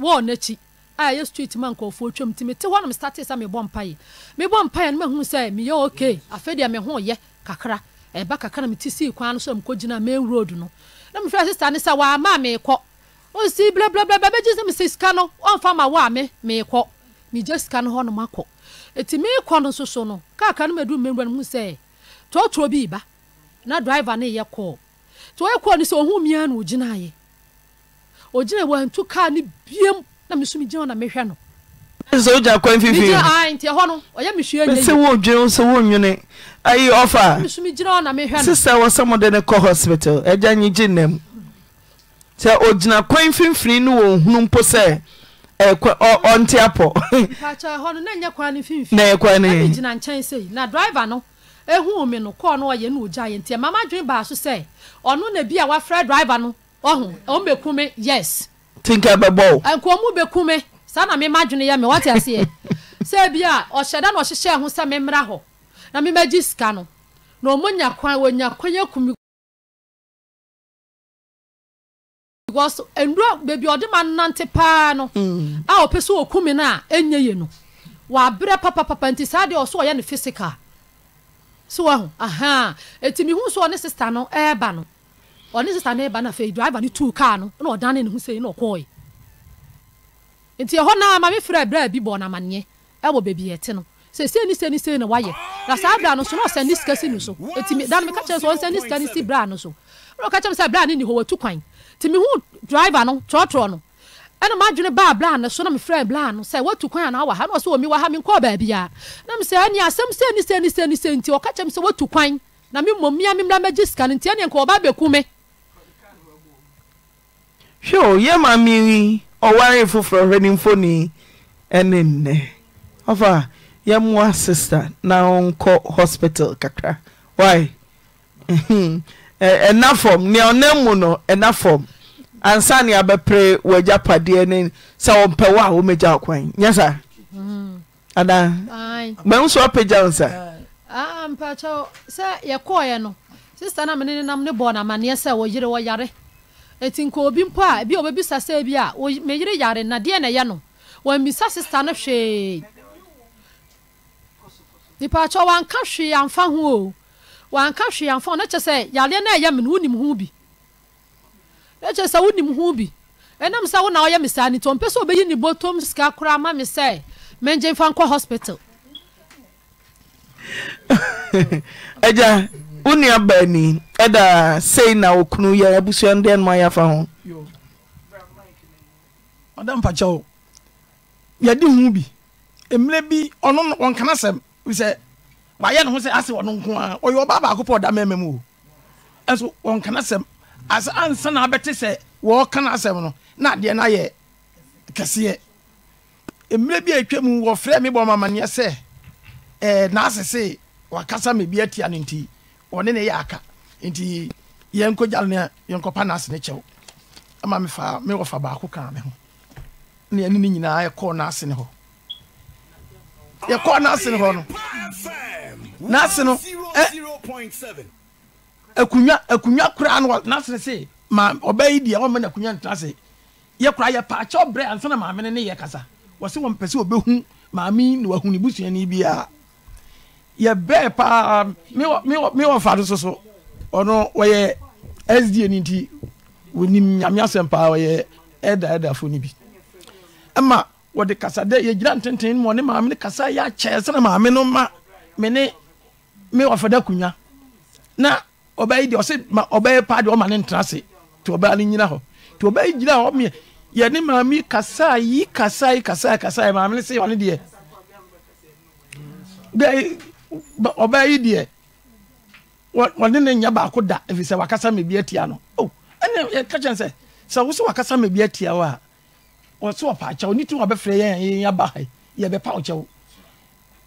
wɔɔ n'akyi a ɛyɛ street ma nkɔɔfoɔ twam nti mete hɔ nom statee mi mebɔ mpaeɛ mebɔ mpaeɛ no mahu sɛ meyɛ ok afei deɛ me ho yɛ kakra ɛba kakra na mete sii kwan no so a mkɔgyina main road no na mi fira sista ni sa waa maa mi kɔ o si blablabla bɛ gye sɛ mi si sika no ɔnfa ma waa mi mi kɔ mi gye sika no hɔ nom akɔ eti mi kɔ no soso no kaaka no ma du mmiri mu sɛ tɔɔtɔɔ bi ba na driver ne yɛ kɔɔ tɔ yɛ kɔɔ ni sɛ ohun mia na ogyina yɛ ogyina wɔ ntu kaa ne biem na mi so mi gyina hɔ na mi hwɛ no sɛ wogya kwan fifisɛ wodwene sɛ wonwene ayi ɔfa sisa wɔ sɛ mode ne kɔ hospital agya nye gye nnam sɛ ogyina kwan fimfini no wɔ hunu mpo sɛ ɔnte apɔ na ɛyɛ kwan ne ehu omi no kɔɔ no ɔyɛ no ogya yɛ nti mama dwene baa so sɛ ɔno na bi a wafrɛ driver no ɔho ɔmo bɛkume yes. tinka bɛbɔ o. nkomu bɛkume saa na mema adwene yɛ me wate aseɛ sɛ bi a ɔhyɛ da na ɔhyehyɛ ho sɛ memmra hɔ na memagye sika no na ɔmo nya kwan wɔnya kwan akumi because ndura beebi ɔde ma nante paa no mm. a ɔpɛ so okumi no a enye yɛ no wabrɛ papapapa nti saa deɛ ɔso ɔyɛ no physical so wahu ahan eti mi hu so ɔne sista no ɛɛba no ɔne sista no ɛɛba no afei driver no tuu kaa no ɛna ɔdan ne ho sɛ ɛna ɔkɔɔ yi nti ɛhɔ naa maame fira abira bi bɔ n'amaneɛ ɛwɔ beebi ɛte no sese ni se ni se na wayɛ na saa abira no so na ɔsɛn ni sika si no so eti mi dan mi kakyɛ so ɔnsɛn ni sika ni si bira no so ɛna ɔkakyɛ sɛ abira ni ni hɔ wɔtu kwan ti mi hu driver no trɔtrɔ no ɛna maa dwene baa abira no so na mi fira abira no sɛ wɔtu kwan na awa ha na ɔsɛ omi wa ha mi nkɔ baabi a na mi sɛ ɛni asɛm se ni se ni se ni se nti ɔkakyɛ sɛ wɔtu kwan na mi mɔ mia mi mla mɛgye sika no nti ɛni nkɔ ɔba abɛku mi. hwɛ o yɛ maa mi wi. ɔwarefoforɔhwɛ ni mfoni ne nnɛ ɔfa yɛma syste na ɔnkɔ hospital kakra nafm nea ɔnm mu no na fm ansane abɛprɛ wɔagya padeɛne sɛ ɔmpɛwo a wɔmɛgya wokwan yasana mamuso pɛgyano sa eti nka obi mpo a ebi obi bisa sɛ ebi a meyere yare na deɛ na ɛyɛ no wɔn bisa sista no hwee nipa atwa wanka hwee anfa ho o wanka hwee anfa ho ne kyɛ sɛ yareɛ na ɛyɛ mi no wonim ho bi ne kyɛ sɛ wonim ho bi ɛnam sɛ wona ɔyɛ mi ni tɔn pɛ sɛ obeyi bɔtɔm sika koraa ma mi sɛ mɛngye nfa nkɔ hospital. ɛgya wo nua ni ɛda sei na okunu yɛ abusua no deɛ no ayɛ ho ɔda mpakyɛ o yɛde ho bi mmerɛ bi ɔno ɔnkana sɛm sɛ wayɛ ne ho sɛ ase ɔno nko a ɔyɛ ɔbaa baako pɛ ɔda mɛma mu o ɛnso ɔnkana sɛm asɛ ansa na abɛte sɛ wɔɔka asɛm no na adeɛ no ayɛ kɛseɛ mmerɛ bi a atwa mu wɔfrɛ me bɔ mamanneɛ sɛ eh, naase se wakasa me bi atia no nti ɔne ne yɛ aka nti yɛnkɔ gyale ne yɛnkɔpa naase ne kyɛw ama mefa mewɔfa baako kaa me ho ne ɛne ne nyinaa yɛkɔɔ naase ne hɔ yɛkɔɔ naase ne hɔ no naase no akunwa akunwa koraa no naase ne se ma ɔbɛ yi deɛ ɔmɛ na akunwa ntena se yɛkora yɛ paakyɛw brɛ ansa na maame ne ne yɛ kasa wɔse wɔn pɛ sɛ wɔbɛhu maame na wahu ne busuani biara yɛbɛɛ paa mewɔ mewɔ mewɔ fa do soso ɔno wɔyɛ sda no nti wɔnim nyame asɛm paa wɔyɛ ɛda ɛdafo no bi ɛma wɔde kasa dɛ yɛgyina ntenten mu ɔne maame no kasa yɛ akyɛ sɛne maame no ma mene ne me wɔfɛda akonnwa na ɔbɛyi deɛ ɔsɛ ma ɔbɛyɛ paa deɛ ɔma ne ntena ase nti ɔbɛya no nyina hɔ nti ɔbɛyi gyina hɔ meɛ yɛne maame kasa yi kasa yi kasa yi kasa yi maame no se ɔne deɛ ɔbɛyi deɛ wɔne ne nyɛ baako da ɛfiri sɛ wakasa mebi atia no o oh, ɛne yɛka kyɛn sɛ sɛ wo sɛ wakasa mebi atia wo a wɔso wɔpa akyɛw ne ti wɔbɛfrɛ yɛn yɛn aba ha yɛbɛpa ɔkyɛw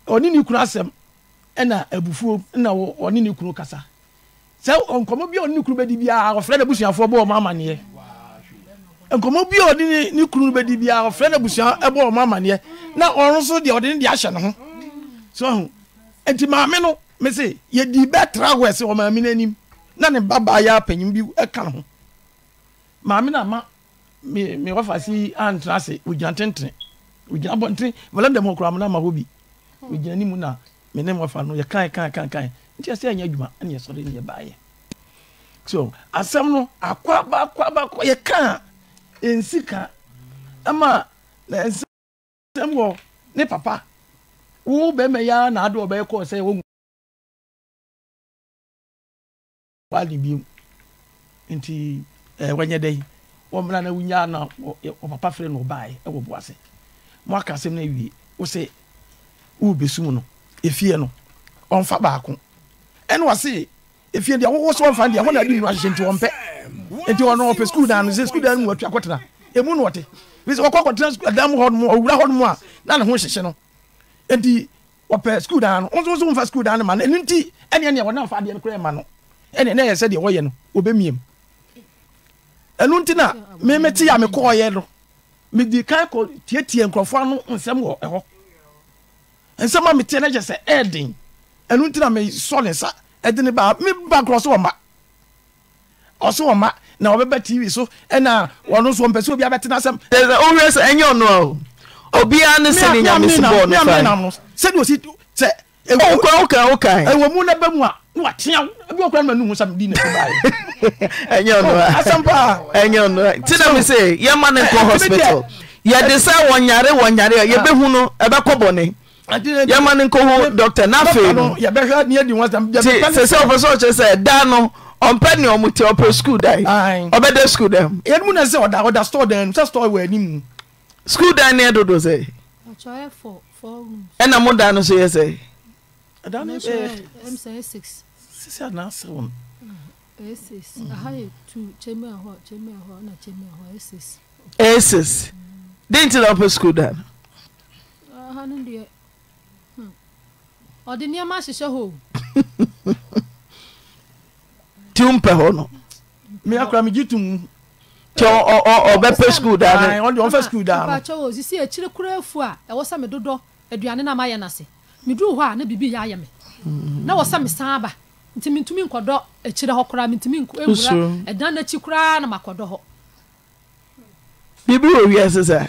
ɔne ne kunu asɛm ɛna abufuo ɛna ɔne ne kunu kasa sɛ nkɔmɔ bi a ɔne ne kunu bɛdi biara ɔfrɛ ne busuafoɔ bɔ ɔmo amaneɛ nkɔmɔ bi a ɔne ne kunu bɛdi biara ɔfrɛ ne busua ɛbɔ ɔmo amaneɛ na ɔno nso deɛ ɔde so ɛnti mese yɛdi bɛtra wɔ ɛsɛ wɔ maame no na ne babaa yɛ apanyin bi ɛka ho maame no ama me me wafa si antena ase ogyina tenten ogyina bɔnten wala dɛm okura mu n'ama hɔ bi ogyina ne na me ne wafa no yɛ kan kan kan kan nti ɛsɛ yɛn adwuma ɛna yɛsɔre ne yɛ baayɛ so asɛm no akwaba akwaba akwa yɛ kan nsi kan ama na nsɛm wɔ ne papa wo bɛrima yi ara na adi ɔbɛyɛ kɔɔ sɛ wɔn. Wali bi nti ɛɛ wɔnyɛ dɛ wɔmuna na wunya na ɔpapa fere na ɔbaa yɛ ɛwɔ buase mo aka asɛm na ewie wosɛ wubesum no efie no ɔnfa baako ɛna wɔse efie deɛ wɔwɔ so ɔnfa deɛ wɔn na adi nua hyehyɛ nti wɔn pɛ nti wɔn no ɔpɛ sukuu dan no sɛ sukuu dan mu atu akɔtena emu na ɔte bisi ɔkɔ akɔtena sukuu dan mu hɔ nom owura hɔ nom a na ne ho hyehyɛ no nti ɔpɛ sukuu dan no wɔn nso nso nfa sukuu dan no ma no ɛnu nti ɛne ɛne na nfa adeɛ no koraa ɛne ɛna yɛ sɛdeɛ wɔyɛ no wɔbɛmiem ɛnu nti na mmemme ti a mekɔɔyɛ no medi kan e kɔ tietie nkurɔfoɔ ano e nsɛm wɔ ɛhɔ nsɛm a metie no e kyɛ sɛ ɛɛden ɛnu nti na mesɔ ne nsa ɛde ne baa me ba nkorɔ so wɔ ma ɔso wɔ ma na ɔbɛba tv so ɛna ɔno nso mpɛ sɛ obi abɛtena asɛm. owurɛ sɛ ɛnyɛ ɔno a o obiara ne sɛ ne nyame so bɔɔ no fae sɛdeɛ osi sɛ wokan wokan wokan. ɛwɔ mu n'abɛ mu a wa tiɲɛ ebi wɔkura numa numu sami di ne ko baa ye. ɛnyɛ ɔnua oh, asampa. ɛnyɛ ɔnua tina mi se yɛ ma ne kɔ hospital yɛde sɛ wɔnyare wɔnyare yɛ bɛ hunu ɛbɛ kɔ bɔnne yɛ ma ne kɔ hu dɔkita n'afɛ mu ti sɛsɛ ɔfɛ sɛ ɔkyɛ sɛ ɛdaa ni ɔmu ti ɔpɛ sukuu dan ɔbɛ dɛ sukuu dan. yɛn mu na sɛ ɔda ɔda store dan sɛ store wɔ anim. sukuu dan ni ɛdodo sɛ. ɛna mo dan no so yɛ sɛ. Eh, s deti mm, mm. na wopɛ skul da n ɔde nnoɔma hyehyɛ ho ti mpɛ hɔ no mena mm. kora megye tom kyɛ ɔbɛpɛ skuul danfa sul das kyire koraafu a ɛwɔ sa medodɔ aduane na maayɛ nose meduru hɔ a na biribi yɛ ayɛ me na wɔsɛ me san ba nti mentumi nkɔdɔ akyirɛ hɔ koraa mentumi nwura ɛdan n'akyi koraa na makɔdɔ hɔ biribi wɔ wiase sɛ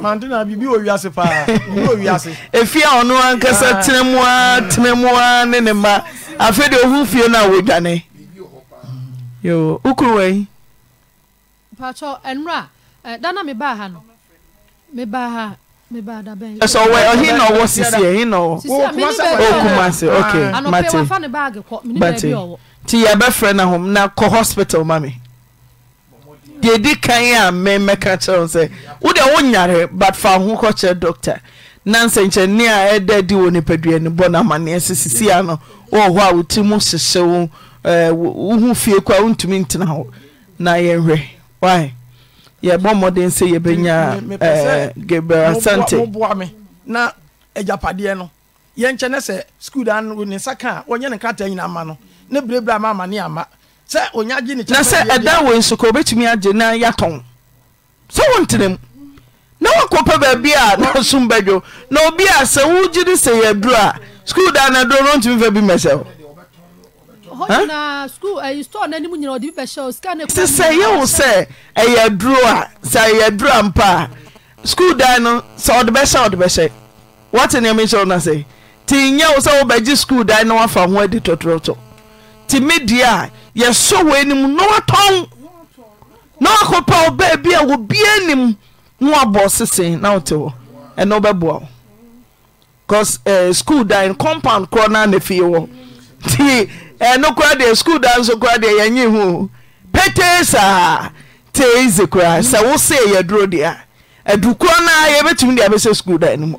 mantina biribi wɔ wiase paa biribi wɔ wiase efi a ɔno ankasa ah. tenamua tenamua ne ne mma afei deɛ ohun fie no a wɔdwane yoo wokuru wɔ mpatsɔ nnura ɛdan na mebaa ha no mebaa ha ɛsɛ ɔwɔ ɔhin na ɔwɔ sisi ɛhin na ɔwɔ okumase ok mate mate ti yabɛfrɛ na hom na kɔ hospital mami deɛ di kan a mɛmɛka kyerɛ sɛ wode wonyare but fa oh, eh, ho kɔ kyerɛ doctor na nsɛnkyɛnni a ɛda di wɔ nipadua ne bɔ na amanneɛ sɛ sisi ano wɔ hɔ a wotir mu hyehyɛ wo ɛɛ wohu fie kɔ a wontumi ntena hɔ na yɛnhwɛ wae yɛbɔ mmɔden sɛ yɛbɛnya gabriel asante moboa me na agyapadeɛ no yɛnkyɛ ne sɛ skul da no ne nsa ka a ɔnyɛ ne krataa nyina ama no ne berɛbrɛ ama ama ne ama sɛ ɔnya gye ne na sɛ ɛda wɔ nso ka wobɛtumi agye na yɛatɔn sɛ wontenam na wakɔpɛ baabi a na ɔsom bɛdwo na obi a sɛ wogye ne sɛ yɛaduru a skul da no aduro no ntumi fa bi mɛsɛ hɔ nyinaa uh, school ɛyi uh, store n'anim nyinaa ɔde bi bɛhyɛ o sika ne kura mi. sisɛ yewu sɛ ɛyɛ duro a sɛ ɛyɛ duro a mpa a school dan no sɛ ɔde bɛhyɛ ɔde bɛhyɛ wɔte nneɛma nhyɛ ɔna sɛ ti nyɛ wo sɛ wɔbɛgye school dan na wafa ho adi tɔtɔtɔ ti mi di a yɛsɔ wɔ anim na watɔn na wakɔtɔ ɔbaa bi a wɔbie anim na wabɔ sese na wɔte hɔ ɛna ɔbɛboa wo cause ɛɛ uh, eh, school dan compound korɔ na na fie wɔ ti. ɛno kora deɛ skuul da nso kura deɛ yɛnye ho petee saa teize koraa sɛ wo see yɛduro deɛ a adukoro no deɛ abɛsɛ skuul da no mu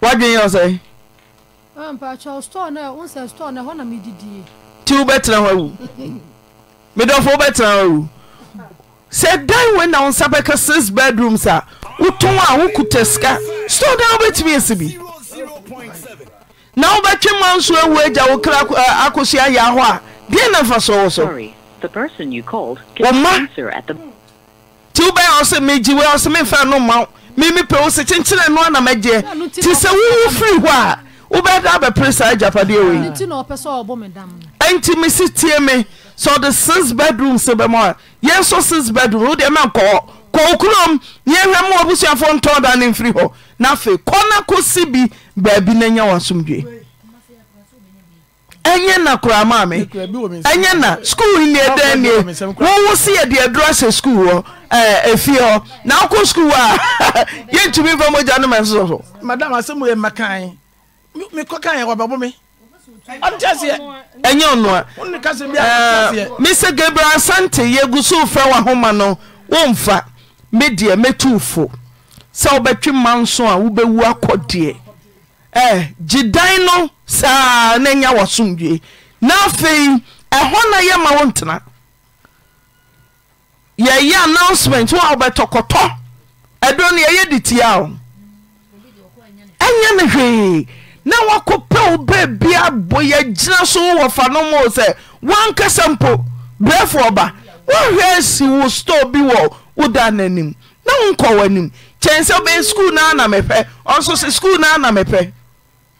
woadwene yɛ sɛ nti wobɛtena hɔ awu medɔfo wobɛtena hɔ sɛ dan na wo nsa bɛka six bedrooms a wotɔn a wokuta sika store dan bi na wobɛtwe ma nso awu agya wo kra eh, akɔsi ayɛ hɔ a deɛ na mfa so wo so wɔma nti wobɛyɛ ɔ sɛ megyi wei ɔ sɛ memfa no ma wo memepɛ wo sɛ kyenkyerɛ no ana mɛgyeɛ nti sɛ wowu firi hɔ a wobɛda abɛpere saa agyapadeɛ wei ɛnti me se tie me sɛ ɔde six bedroom sɛ bɛma a yɛn nso six bedroom wodeɛ mɛnkɔɔ kɔɔ kurom yɛhwɛ ma ɔbusuafoɔ ntɔn da ne mfiri hɔ na afei kɔ na kɔsi bi baabi na nya w'asomdwe ɛnyɛ na koramaa me ɛnyɛ na skuul nneɛ dɛn nneɛ wowo se yɛde aduro ahyɛ skuul hɔ efi hɔ na wokɔ skuul a yɛntumi mfa mogya no ma ɛsosɔ so madam asɛm yɛ mmakan mekɔ kan yɛ wɔbɛbo me ɛnyɛ ɔnoa mesɛ gabriel asante yɛgu so frɛ wahoma no womfa medeɛ mɛtu fo sɛ wobɛtwe ma nso a wobɛwu akɔ deɛ gyedan no saa na ɛnya wɔsomdwe na afei ɛhɔ na yɛ ma wo ntena yɛyɛ announcement wa wobɛtɔkɔtɔ ɛdorɔ no yɛyɛ de tia o ɛnyɛ ne hwee na woakɔpɛ wo baabia bɔ yɛgyina so wowɔ fa no moo sɛ woankasa mpo berɛfoɔ ba wohwɛ asi wo store bi wɔ woda n'anim na wonkɔ w'anim kyɛn sɛ wobɛyɛ skuul no anamepɛ ɔnso sɛ skuul no anamepɛ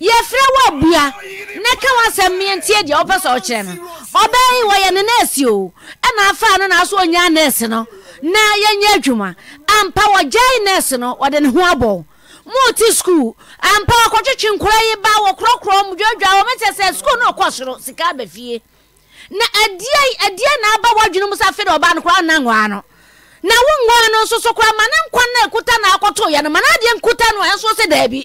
yɛfrɛ wɔ abua na ka wasɛm miɛntie deɛ wɔpɛ sɛ ɔkyerɛ no ɔbɛn wɔyɛ ne nɛɛsi o ɛna afaa no ɔnya na yɛnyɛ adwuma ampa no wɔde ne ho skul ampa wɔkɔtwetwe nkora yi ba wɔmɛkyɛ sɛ skul no ɔkɔ soro sika na adeɛ na aba wɔadwene mu sɛ afei de no na nwaa no na wo nwaa no nso so koraa ma ne nkwa na ɛkuta na no ma adeɛ nkuta no ɛnso sɛ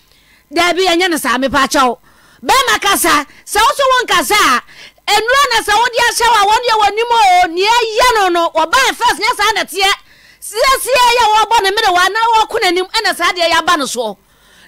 daa bi ɛnyɛ no saa mepa akyɛw bɛima kasa sɛ woso wonkasa a anura na sɛ wode ahyɛw a wɔn dyɛ wɔnim onneɛ yɛ no no wɔbaa firs nyɛsaa nateɛ sɛsie yɛ wɔbɔno mede waa na wɔko no nim na saa deɛ yɛaba no soɔ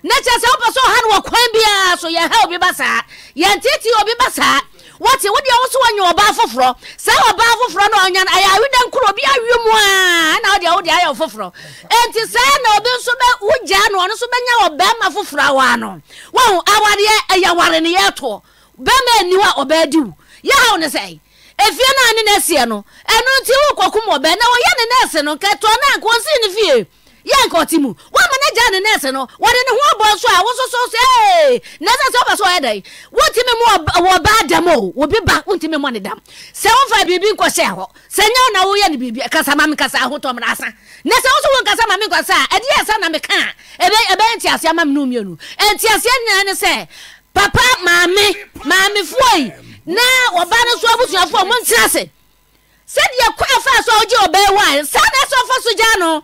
na kyɛɛ sɛ wopɛ sɛ ɔha ne wɔ kwan biaa so yɛha wobi ba saa yɛntete obi ba saa wɔte wo deɛ wo so woanya ɔbaa foforɔ saa ɔbaa foforɔ na ɔnya no ayɛ awedɛ nkoro obi awie mu a na wodeɛ wode ayɛ foforɔ enti saa na obi nso bɛ wogyaa no ɔno nso bɛnya ɔbarima foforɔ awaa no wahu awareɛ ɛyɛ ware ne yɛtoɔ bɛma ani hɔ a ɔbaa di wo yɛhaw ne sɛe efie no a ne na asiɛ no ɛno nti wokɔkom ɔbɛn na wɔyɛ ne no nkɛtoɔ no a nkɔnsii ne fie yɛ nka ɔte mu woama no gya ne nɛɛse no wɔde ne ho abɔ so a wososo so ee nɛɛsɛ sɛ wopɛ sɛ ɔyɛ dɛn wotumi mu wɔbaa dam o wobi ba wontumi mɔ ne dam sɛ womfa biribi nkɔhyɛ hɔ sɛ nyɛ wo na woyɛ no biribi kasa ma me kasa ahotɔ mra asa na sɛ wo so wonkasa ma me nkɔsa a ɛdeɛ ɛsa na meka a ɛbɛyɛ ntiaseɛ ma me no mmienu ntiaseɛ nyinaa ne sɛ papa maame maamefoɔ yi na ɔba no so abusuafoɔ mo ntena se sɛdeɛ kɔ afa so a wogye ɔbɛɛ hɔ a na ɛsɛ ɔfa so gya no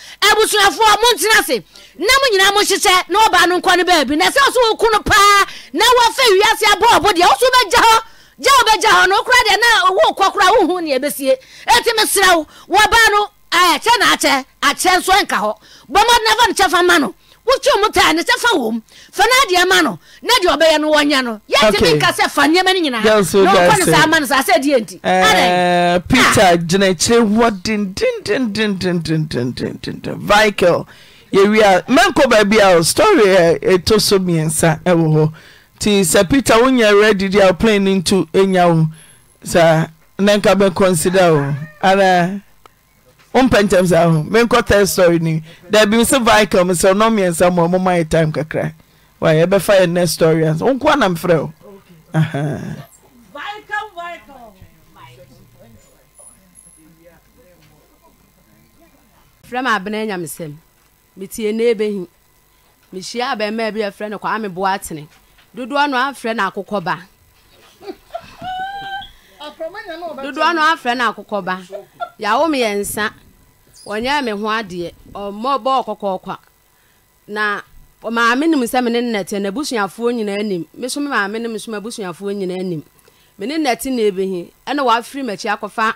abusuafoɔ mo ntena se na mo nyinaa mo hyehyɛ na ɔbaa no nkɔ ne baabi na sɛ ɔso wo ku no paa na wɔfɛ wiase abɔɔbo deɛ woso bɛgya hɔ gya wobɛgya hɔ no wokora deɛ na wokɔ kora wohu ne ɛbɛsie ɛti me serɛ wo wɔbaa no ɛkyɛ na akyɛ akyɛ nso nka hɔ bɔmmɔdena fa no kyɛ fa ma no wotu mu taa ne sɛ fa wom fa no adeɛ no na deɛ ɔbɛyɛ no wɔnyɛ no yɛntimi nka sɛ fa nneɛma no nyinaa na wokɔ no saa ma no saa sɛ deɛ nti eh, peter ah. gyina akyire hɔ dendendendendendendendenden vikel yɛwia mɛnkɔ baabi a story ɛtɔ so mmiɛnsa ɛwɔ hɔ nti sɛ peter wonya ready deɛ a plane no nto ɛnya wo saa wompɛ nkyɛm sɛ ho menkɔ tɛ story ni da bi sɛ vicle me sɛ ɔnɔ mmiɛnsa ma ɔmoma yɛ time kakra wayɛ ɛbɛfa yɛ next story ans wo nkoa na mfrɛ o frɛ me abena nyamesɛm metie ne bɛhi mehyia abɛmaa bi afrɛ no kwaa meboa atene dodoɔ no afrɛ no akokɔ ba dodoɔ no afrɛ no akokɔ ba yɛawo meyɛnsa ɔnyɛ me ho adeɛ ɔmmɔbɔ ɔkɔkɔɔkwa na maame nim sɛ mene nnɛte na abusuafoɔ nyinaa nim meso me maame nim so abusuafoɔ nyinaa nim mene nnɛte na ebihi ɛna firi m'akyi akɔfa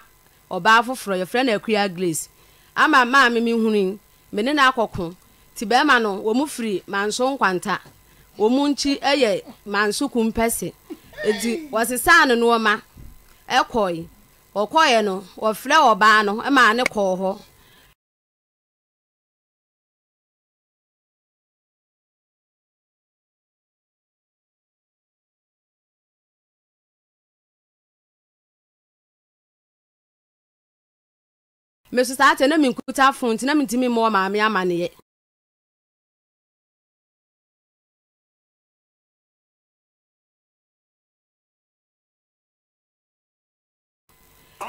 ɔbaa foforɔ yɛfrɛ no akua glace ama maame mi huni mene na akɔko nti bɛrima no wɔ mu firi manso nkwanta wɔ mu nkyi yɛ manso kumpɛse nti wɔsesaa no nnoɔma ɛkɔe wɔkɔeɛ no wɔfrɛ ɔbaa no maa ne kɔɔ hɔ meso saa te na menkuta fo nti na mentimi mmɔ maame amaneɛ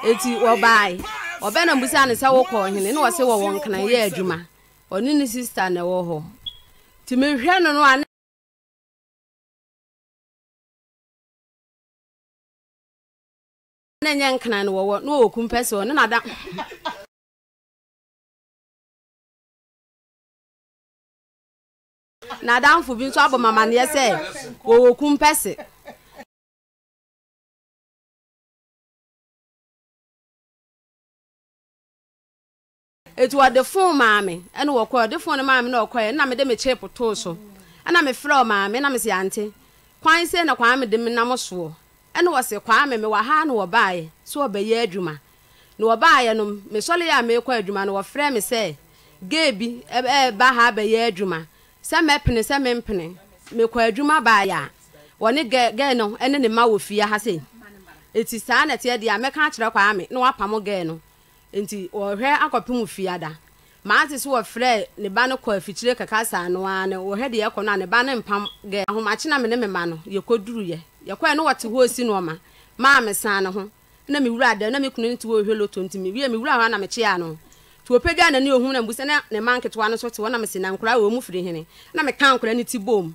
eti wɔbae oh, ɔbɛ na mbusa ne sɛ wokɔ ɔhene na ɔse wɔwɔ nkena yɛ adwuma ɔne ne sista na ɛwɔ hɔ nti mehwɛ no no a na ɛnyɛ nkena na wɔwɔ na ɔne na bi nso abɔ mamaneɛ sɛ wɔwɔ etu ɔde fon maame ɛna wɔkɔ ɔde fon no maame na ɔkɔ yɛ ɛna mede me chip too so ɛna me frɛ maame ɛna me si ante kwan se na kwan me de me nam soɔ ɛna wɔsi kwan me me wɔ ha na wɔbaayɛ so ɔbɛyɛ adwuma na wɔbaayɛ no me sɔle yɛ a meekɔ adwuma no wɔfrɛ me sɛ gay bi eh, ɛɛba eh, ha bɛyɛ adwuma sɛ mɛpene sɛ mempene mekɔ adwuma baayɛ a wɔne gɛ gɛɛ no ɛne ne ma wɔ fie ha se eti saa na ɛteɛ deɛ a mɛka akyerɛ kwan me na wɔapam nti wɔhwɛ akɔpem fiada maate so wɔfrɛ ne ba no kɔ afikyire kaka saa no ara no wɔhwɛ deɛ ɛkɔ no a ne ba no mpam gɛ ahomakye na me ne me ma no yɛkɔduruyɛ yɛkɔɛ no wɔte hɔ esi nɔɔma maa me san ne ho na me wura dɛm na me kunu ne te hɔ ehwɛ loto nti me wie me wura hɔ na me kyea no te o pɛgya n'ani ohun na mbusa na ne ma nketewa no so te hɔ na me si na nkora wɔ mu firi hene na me ka nkora ne ti bom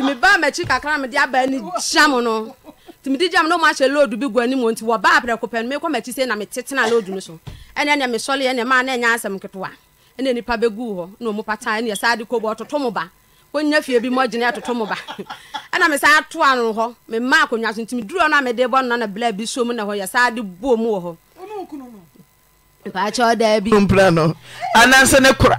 tí mi bá mẹ̀kí kakra mi di abẹ́ ni jam no tí di jam no mo ahyɛ lóòdù bi gu anim nti wɔ bá apɛrɛko pɛ mi kɔ mɛkyi sɛ na mi tetena lóòdù no so ɛnna ɛnna mi sɔle ɛnna maa na ɛnya asɛm ketewa ɛnna nipa bɛ gu hɔ na ɔmo pata ɛnna yɛsɛ adi kobo ɔtoto mo ba wɔnyɛ fie bi mo gyina ɛtoto mo ba ɛnna mi sɛ ato ano hɔ mi ma akonnwa so nti duro na mi de bɔ no bila bi so mu na hɔ yɛsɛ adi bo mu wɔ hɔ. mpakyɛw daa bi. anansɛ ne kora.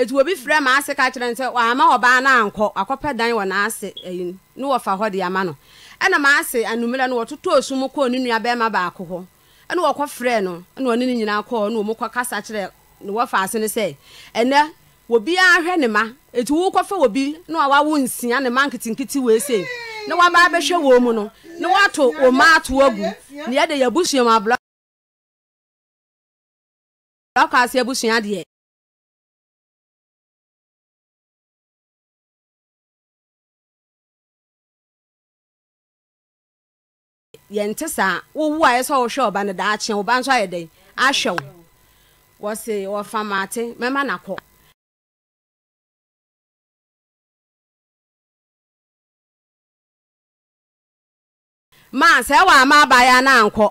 etu obi frɛ ma ase ka kyerɛ nsɛ wama ɔbaa no ankɔ akɔpɛ dan wɔ n'ase ɛyi ne wɔfa hɔ de ama no ɛna ma ase anummerɛ no wɔtotɔ sum kɔɔ ne nua bɛrima baako hɔ ɛna wɔkɔ frɛ no ɛna ɔne ne nyinaa kɔɔ na wɔn kɔ kasa kyerɛ ne wɔfa ase no sɛ ɛnɛ obiara hwɛ ne ma etu wokɔfɛ obi na wawo nsia ne ma nketenkete wɔ ese na waba abɛhwɛ wɔn mu no na wato wɔn ato agu na yɛde yɛ abusua mu abla yɛnte saa wowu a yɛ sɛ wohwɛ ɔba no daakye woba nso ayɛ dɛn ahwɛ wo wɔse wɔfa maate mɛma nakɔ ma sɛ ɛwɔ ama abaeɛ a na ankɔ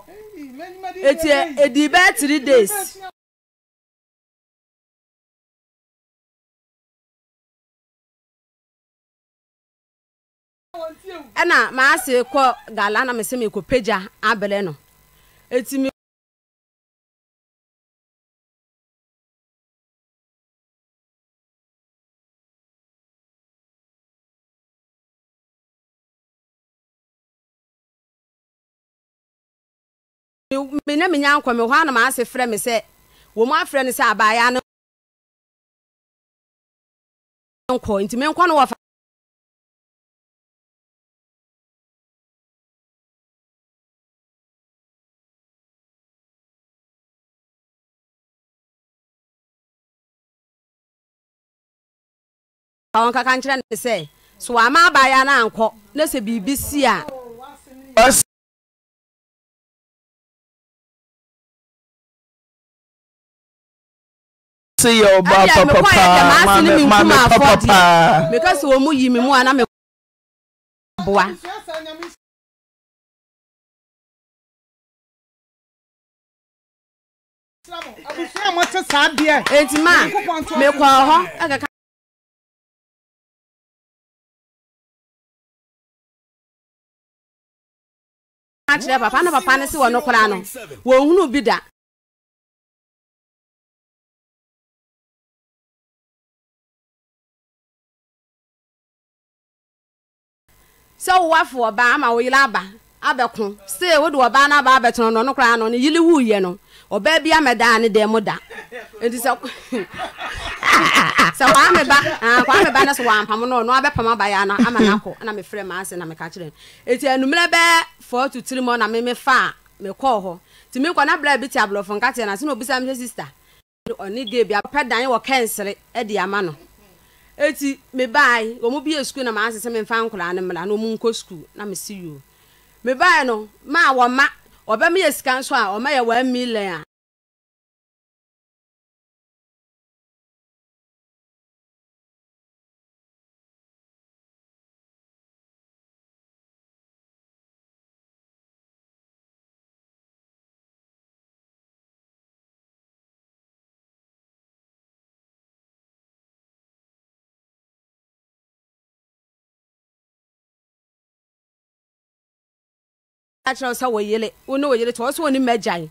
ɛti ɛdi bɛɛ three days ɛna maase kɔ gala na mesɛ mekɔ pagya abelɛ no ɛtimi mene menya me hɔ a na maase frɛ me sɛ wɔ mu afrɛ no sɛ abaayɛ no nkɔ nti menkɔ no ka wɔn kaka nkyerɛ ne sɛ so wama abaayewa no ankɔ na sɛ biribi si a. si yɛ ɔba papa paa maame maame papa kyerɛ papa na papa no se wɔ no koraa no wɔnhunu bi da sɛ wowafoɔ ɔbaa ama wo yere aba abɛko se wode ɔbaa no aba abɛtena no ɔno koraa no ne yere wuiɛ no ɔbaa bia mɛdaa ne dɛn mu da nti sɛ kwameba ne sɛ wɔampam no ɔno abɛpam abayɛ no ama no akɔ na mefrɛ maase na meka kyerɛ no ɛti anumerɛ bɛɛ fɔ to tiri mɔ na me mefaa mekɔɔ hɔ nti mekɔ na berɛ bi te aborɔfo nka teɛ no ase na obisa mehyɛ sista ɔne ge bia pɛ dan wɔ kɛnsere de ama no ɛti mebae ɔmu bi yɛ sukuu na maase sɛ memfa nkoraa no mmra na ɔmu nkɔ sukuu na mesi yuo mebae no maa ɔbɛma yɛ sika nso a ɔma yɛ one million a akyerɛ sɛ wɔyele wo ne wɔyele toɔ so wɔne mɛgyae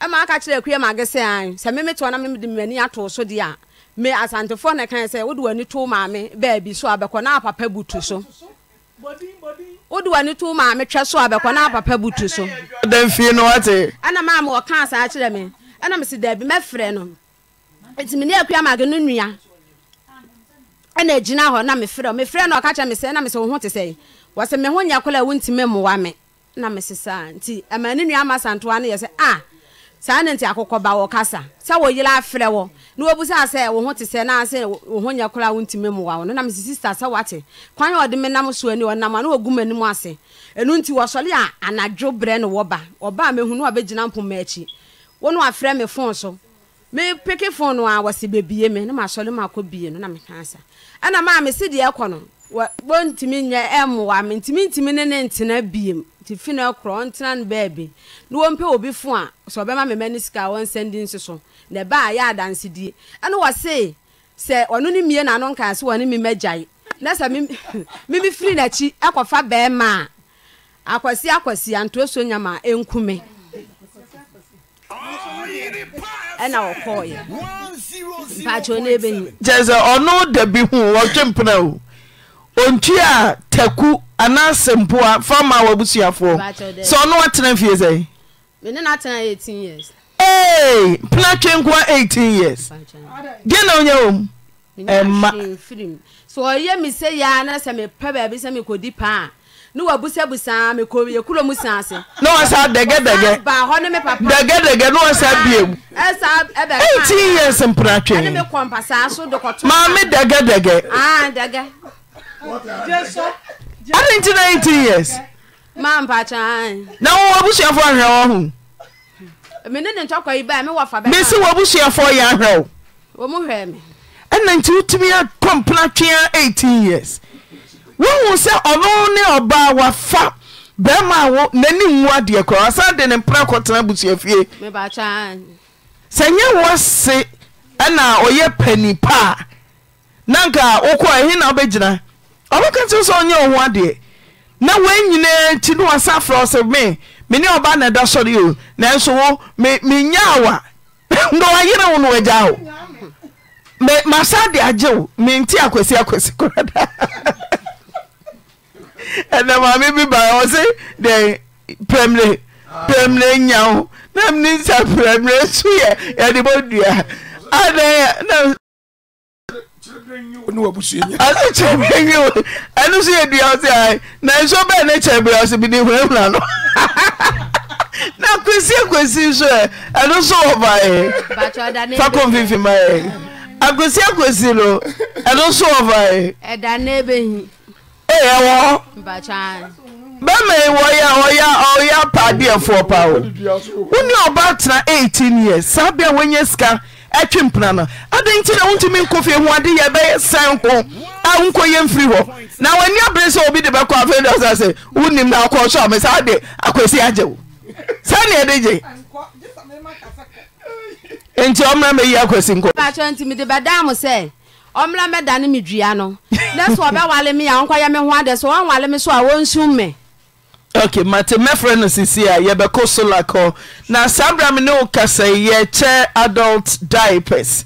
ɛma aka kyerɛ akuɛ ma agese an sɛ meme toɔ na mede m'ani ato so deɛ a me asantefoɔ ne kae sɛ wode w'ani to maame baabi so a bɛkɔ na apapa butu so wode w'ani to maame twɛ so a bɛkɔ na apapa butu so da no wate ɛna maa me wɔkaa saa kyerɛ me ɛna mese daabi mɛfrɛ no nti mene akuɛ ma age no nua ɛna agyina hɔ na mefrɛ mefrɛ no ɔka kyerɛ me sɛ na mesɛ wo ho te sɛ wɔsɛ me ho nyɛ a wontimi mmoa me na mesesa nti ɛma ne nua ama santoa no yɛ sɛ ah saa ne nti akokɔba wɔ kasa sɛ wɔyere afrɛ wɔ na wɔbusa sɛ wo ho te sɛ na sɛ wo ho nyɛ koraa wontumi mmoa wo no na mesi sister sɛ woate kwan a ɔde me nam so ani ɔnam a na wɔgu m'anim ase ɛno nti wɔsɔre a anadwo berɛ ne wɔba ɔba a mɛhunu a mpoma akyi wo afrɛ me fon so mepeke fon no a wɔse bɛbie me na masɔre ma akɔ bie no na meka sa ɛna maa mesi deɛ ɛkɔ no wɔntumi nyɛ ɛmmoa me ntimi ntimi ne ne ntena biem nti fi na korɔ ntena no baabi na wɔmpɛ obi fo a sɛ ɔbɛma mema no sika a wɔnsɛn di nso so na ɛba a yɛ adansedie ɛne wɔ se sɛ ɔno ne mie naano nkaa sɛ wɔne me mɛgyae na sɛ meme firi n'akyi ɛkɔfa bɛɛma a akwasi akwasi antoa so nyama a ɛnkume ɛna wɔkɔɔyɛ mpaakyɛ no ɛbɛhi gyɛ sɛ ɔno da bi hu wɔtwe mpena o ɔntu a taku anaa sempoa fama w'abusuafoɔ sɛ ɔno watena fie sɛ pena twe nkoa 18 years deɛ na wonya wom ɛma sɛ ɔyɛ me sɛ yɛa na sɛ mepɛ baabi sɛ mekɔdi paa ne wabusabusaa mekɔyɛkuro mu saa se ne wɔsa dɛgɛdɛgɛ dɛgɛdɛgɛ ne wɔsa biam 18 years mpena twe maame dɛgɛdɛgɛ ade nti na eighteen years. maa mpacha anyi. na wọn wọ abusuafo ahwẹ wọn ho. mi ni ne ntọkọ yi báyìí mi wọ fa bẹẹ. bẹsẹ wọ abusuafo yẹ ahwẹ o. wọ́n mu hwẹ́ mi. ɛna nti wotumi akɔ mpena twea eighteen years. wohu sɛ ɔno ne ɔbaa wafa bɛrima a wo n'ani nwu adeɛ koraa ɔsan de ne mpena kɔtena abusua fie. mpacha anyi. sɛ nyɛ wɔ se ɛna ɔyɛ panyin paa nanka okɔ ɛhin na ɔbɛgyina ɔbɛka tewo sɛ ɔnyɛ ɔho adeɛ na wɔanyinaa ti ne wasa frɛ ɔsɛ me mene ɔba na da sɔre o nanso wo menyaa wa na wayere wo no wagyaa wo masa de agye wo menti akwasi akwasi korada ɛnɛ maame bi ba ɔ se dɛn prɛmire prɛmire nya wo na mene nsa prɛmire so yɛ yɛde bɔdua adɛ na ɛno so yɛ dua ɔse na nanso bɛɛ ne kyɛ berɛ ɔse bi ne hunahuna no na kwesi akwesi so ɛ ɛno so wɔ baɛ fa kɔ mfifi ma ɛ eh. akwesi akwesi no ɛno so wɔ baɛ ɛwɔ bɛma yi wɔyɛ ɔyɛ ɔyɛ apaadeɛfoɔ pa o wo ne ɔba tena 18 years saa bia sika atwe mpena no adɛn nti na wontumi nkɔ fie ho ade yɛbɛyɛ sɛn ko a wonkɔ yɛ mfiri hɔ na w'ani abere sɛ obi de bɛkɔ afei dɛ sa sɛ wonim na akɔ sɔ me saa de akwasi agye wo saa ne ɛde gye nti ɔmmra mɛyi akwasi nkɔ nti mede bɛdaa medua no na sɛ ɔbɛwale me a ɔnkɔyɛ me ho adɛ sɛ ɔnwale me so a wɔnsum me ok mate mɛfrɛ no sisi a yɛbɛkɔ solar kɔ na saa abira mi ne wo kasa yɛkyɛ adult diapers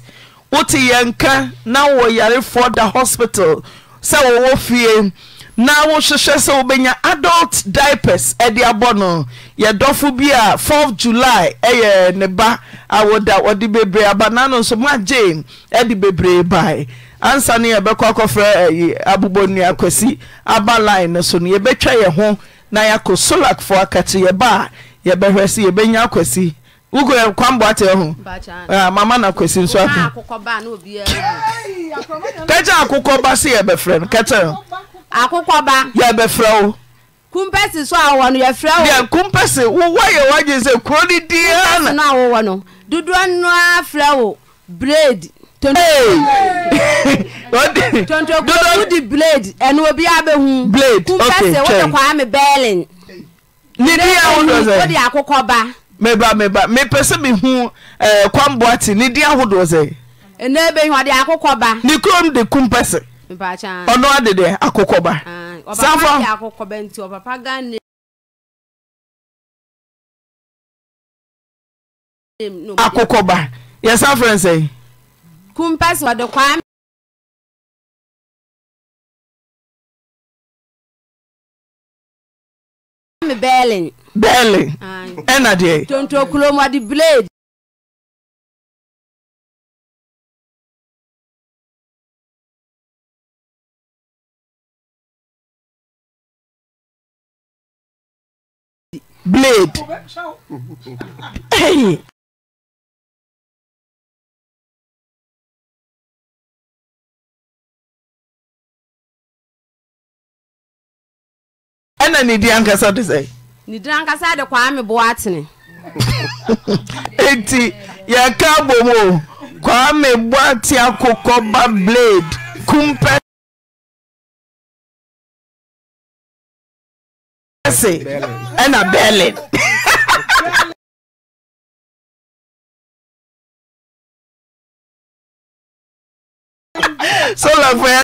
wote yɛn nka na wɔ yarefoɔ da hospital sɛ wɔwɔ fie na wohwehwɛ sɛ wobɛnya adult diapers ɛde abɔ no yɛdɔfo bi a 4 july ɛyɛ ne ba awoda wɔde bebree aba na no nso ma jane ɛde bebree bae ansa no yɛbɛkɔ akɔfrɛ ayi abobɔ nua kwasi aba line no so no yɛbɛtwa yɛn ho na yɛakɔ solakfoɔ akate yɛba a yɛbɛhwɛ se yɛbɛnya akwasi wogo kwambɔ ate ho ah, mama na akwasi nso ako kɛkyɛ akokɔ ba se yɛbɛfrɛ no kɛkyɛ akokɔba yɛbɛfrɛ wo kumpɛsi so a wɔwɔ no yɛfrɛ wo deɛ kumpɛsi wowɔ yɛ wagye sɛ kuro ne diaa na dodoɔ no a frɛ wo braid de blade ɛnoobia bɛhu wopɛ sɛ wode kwaa me bɛɛlen wode akokɔ ba meba meba mepɛ sɛ mehu kwamboa te ne din ahodoɔ sɛ ɛnɛ bɛhu ɔde akokɔ ba ne kurom de kumpɛ ɔno ade deɛ akokɔ ba akokɔ ba kumpɛ so wɔde kwame bɛɛlin. bɛɛlin ɛna deɛ. tonto kulomadi blade. blade. ɛna ne di ankasa de sɛ ne di ankasa de kwaa me boa atene enti yɛka abom o kwaa me boa te akokɔ ba blade kumpɛ se ɛna berlin so la lafɛ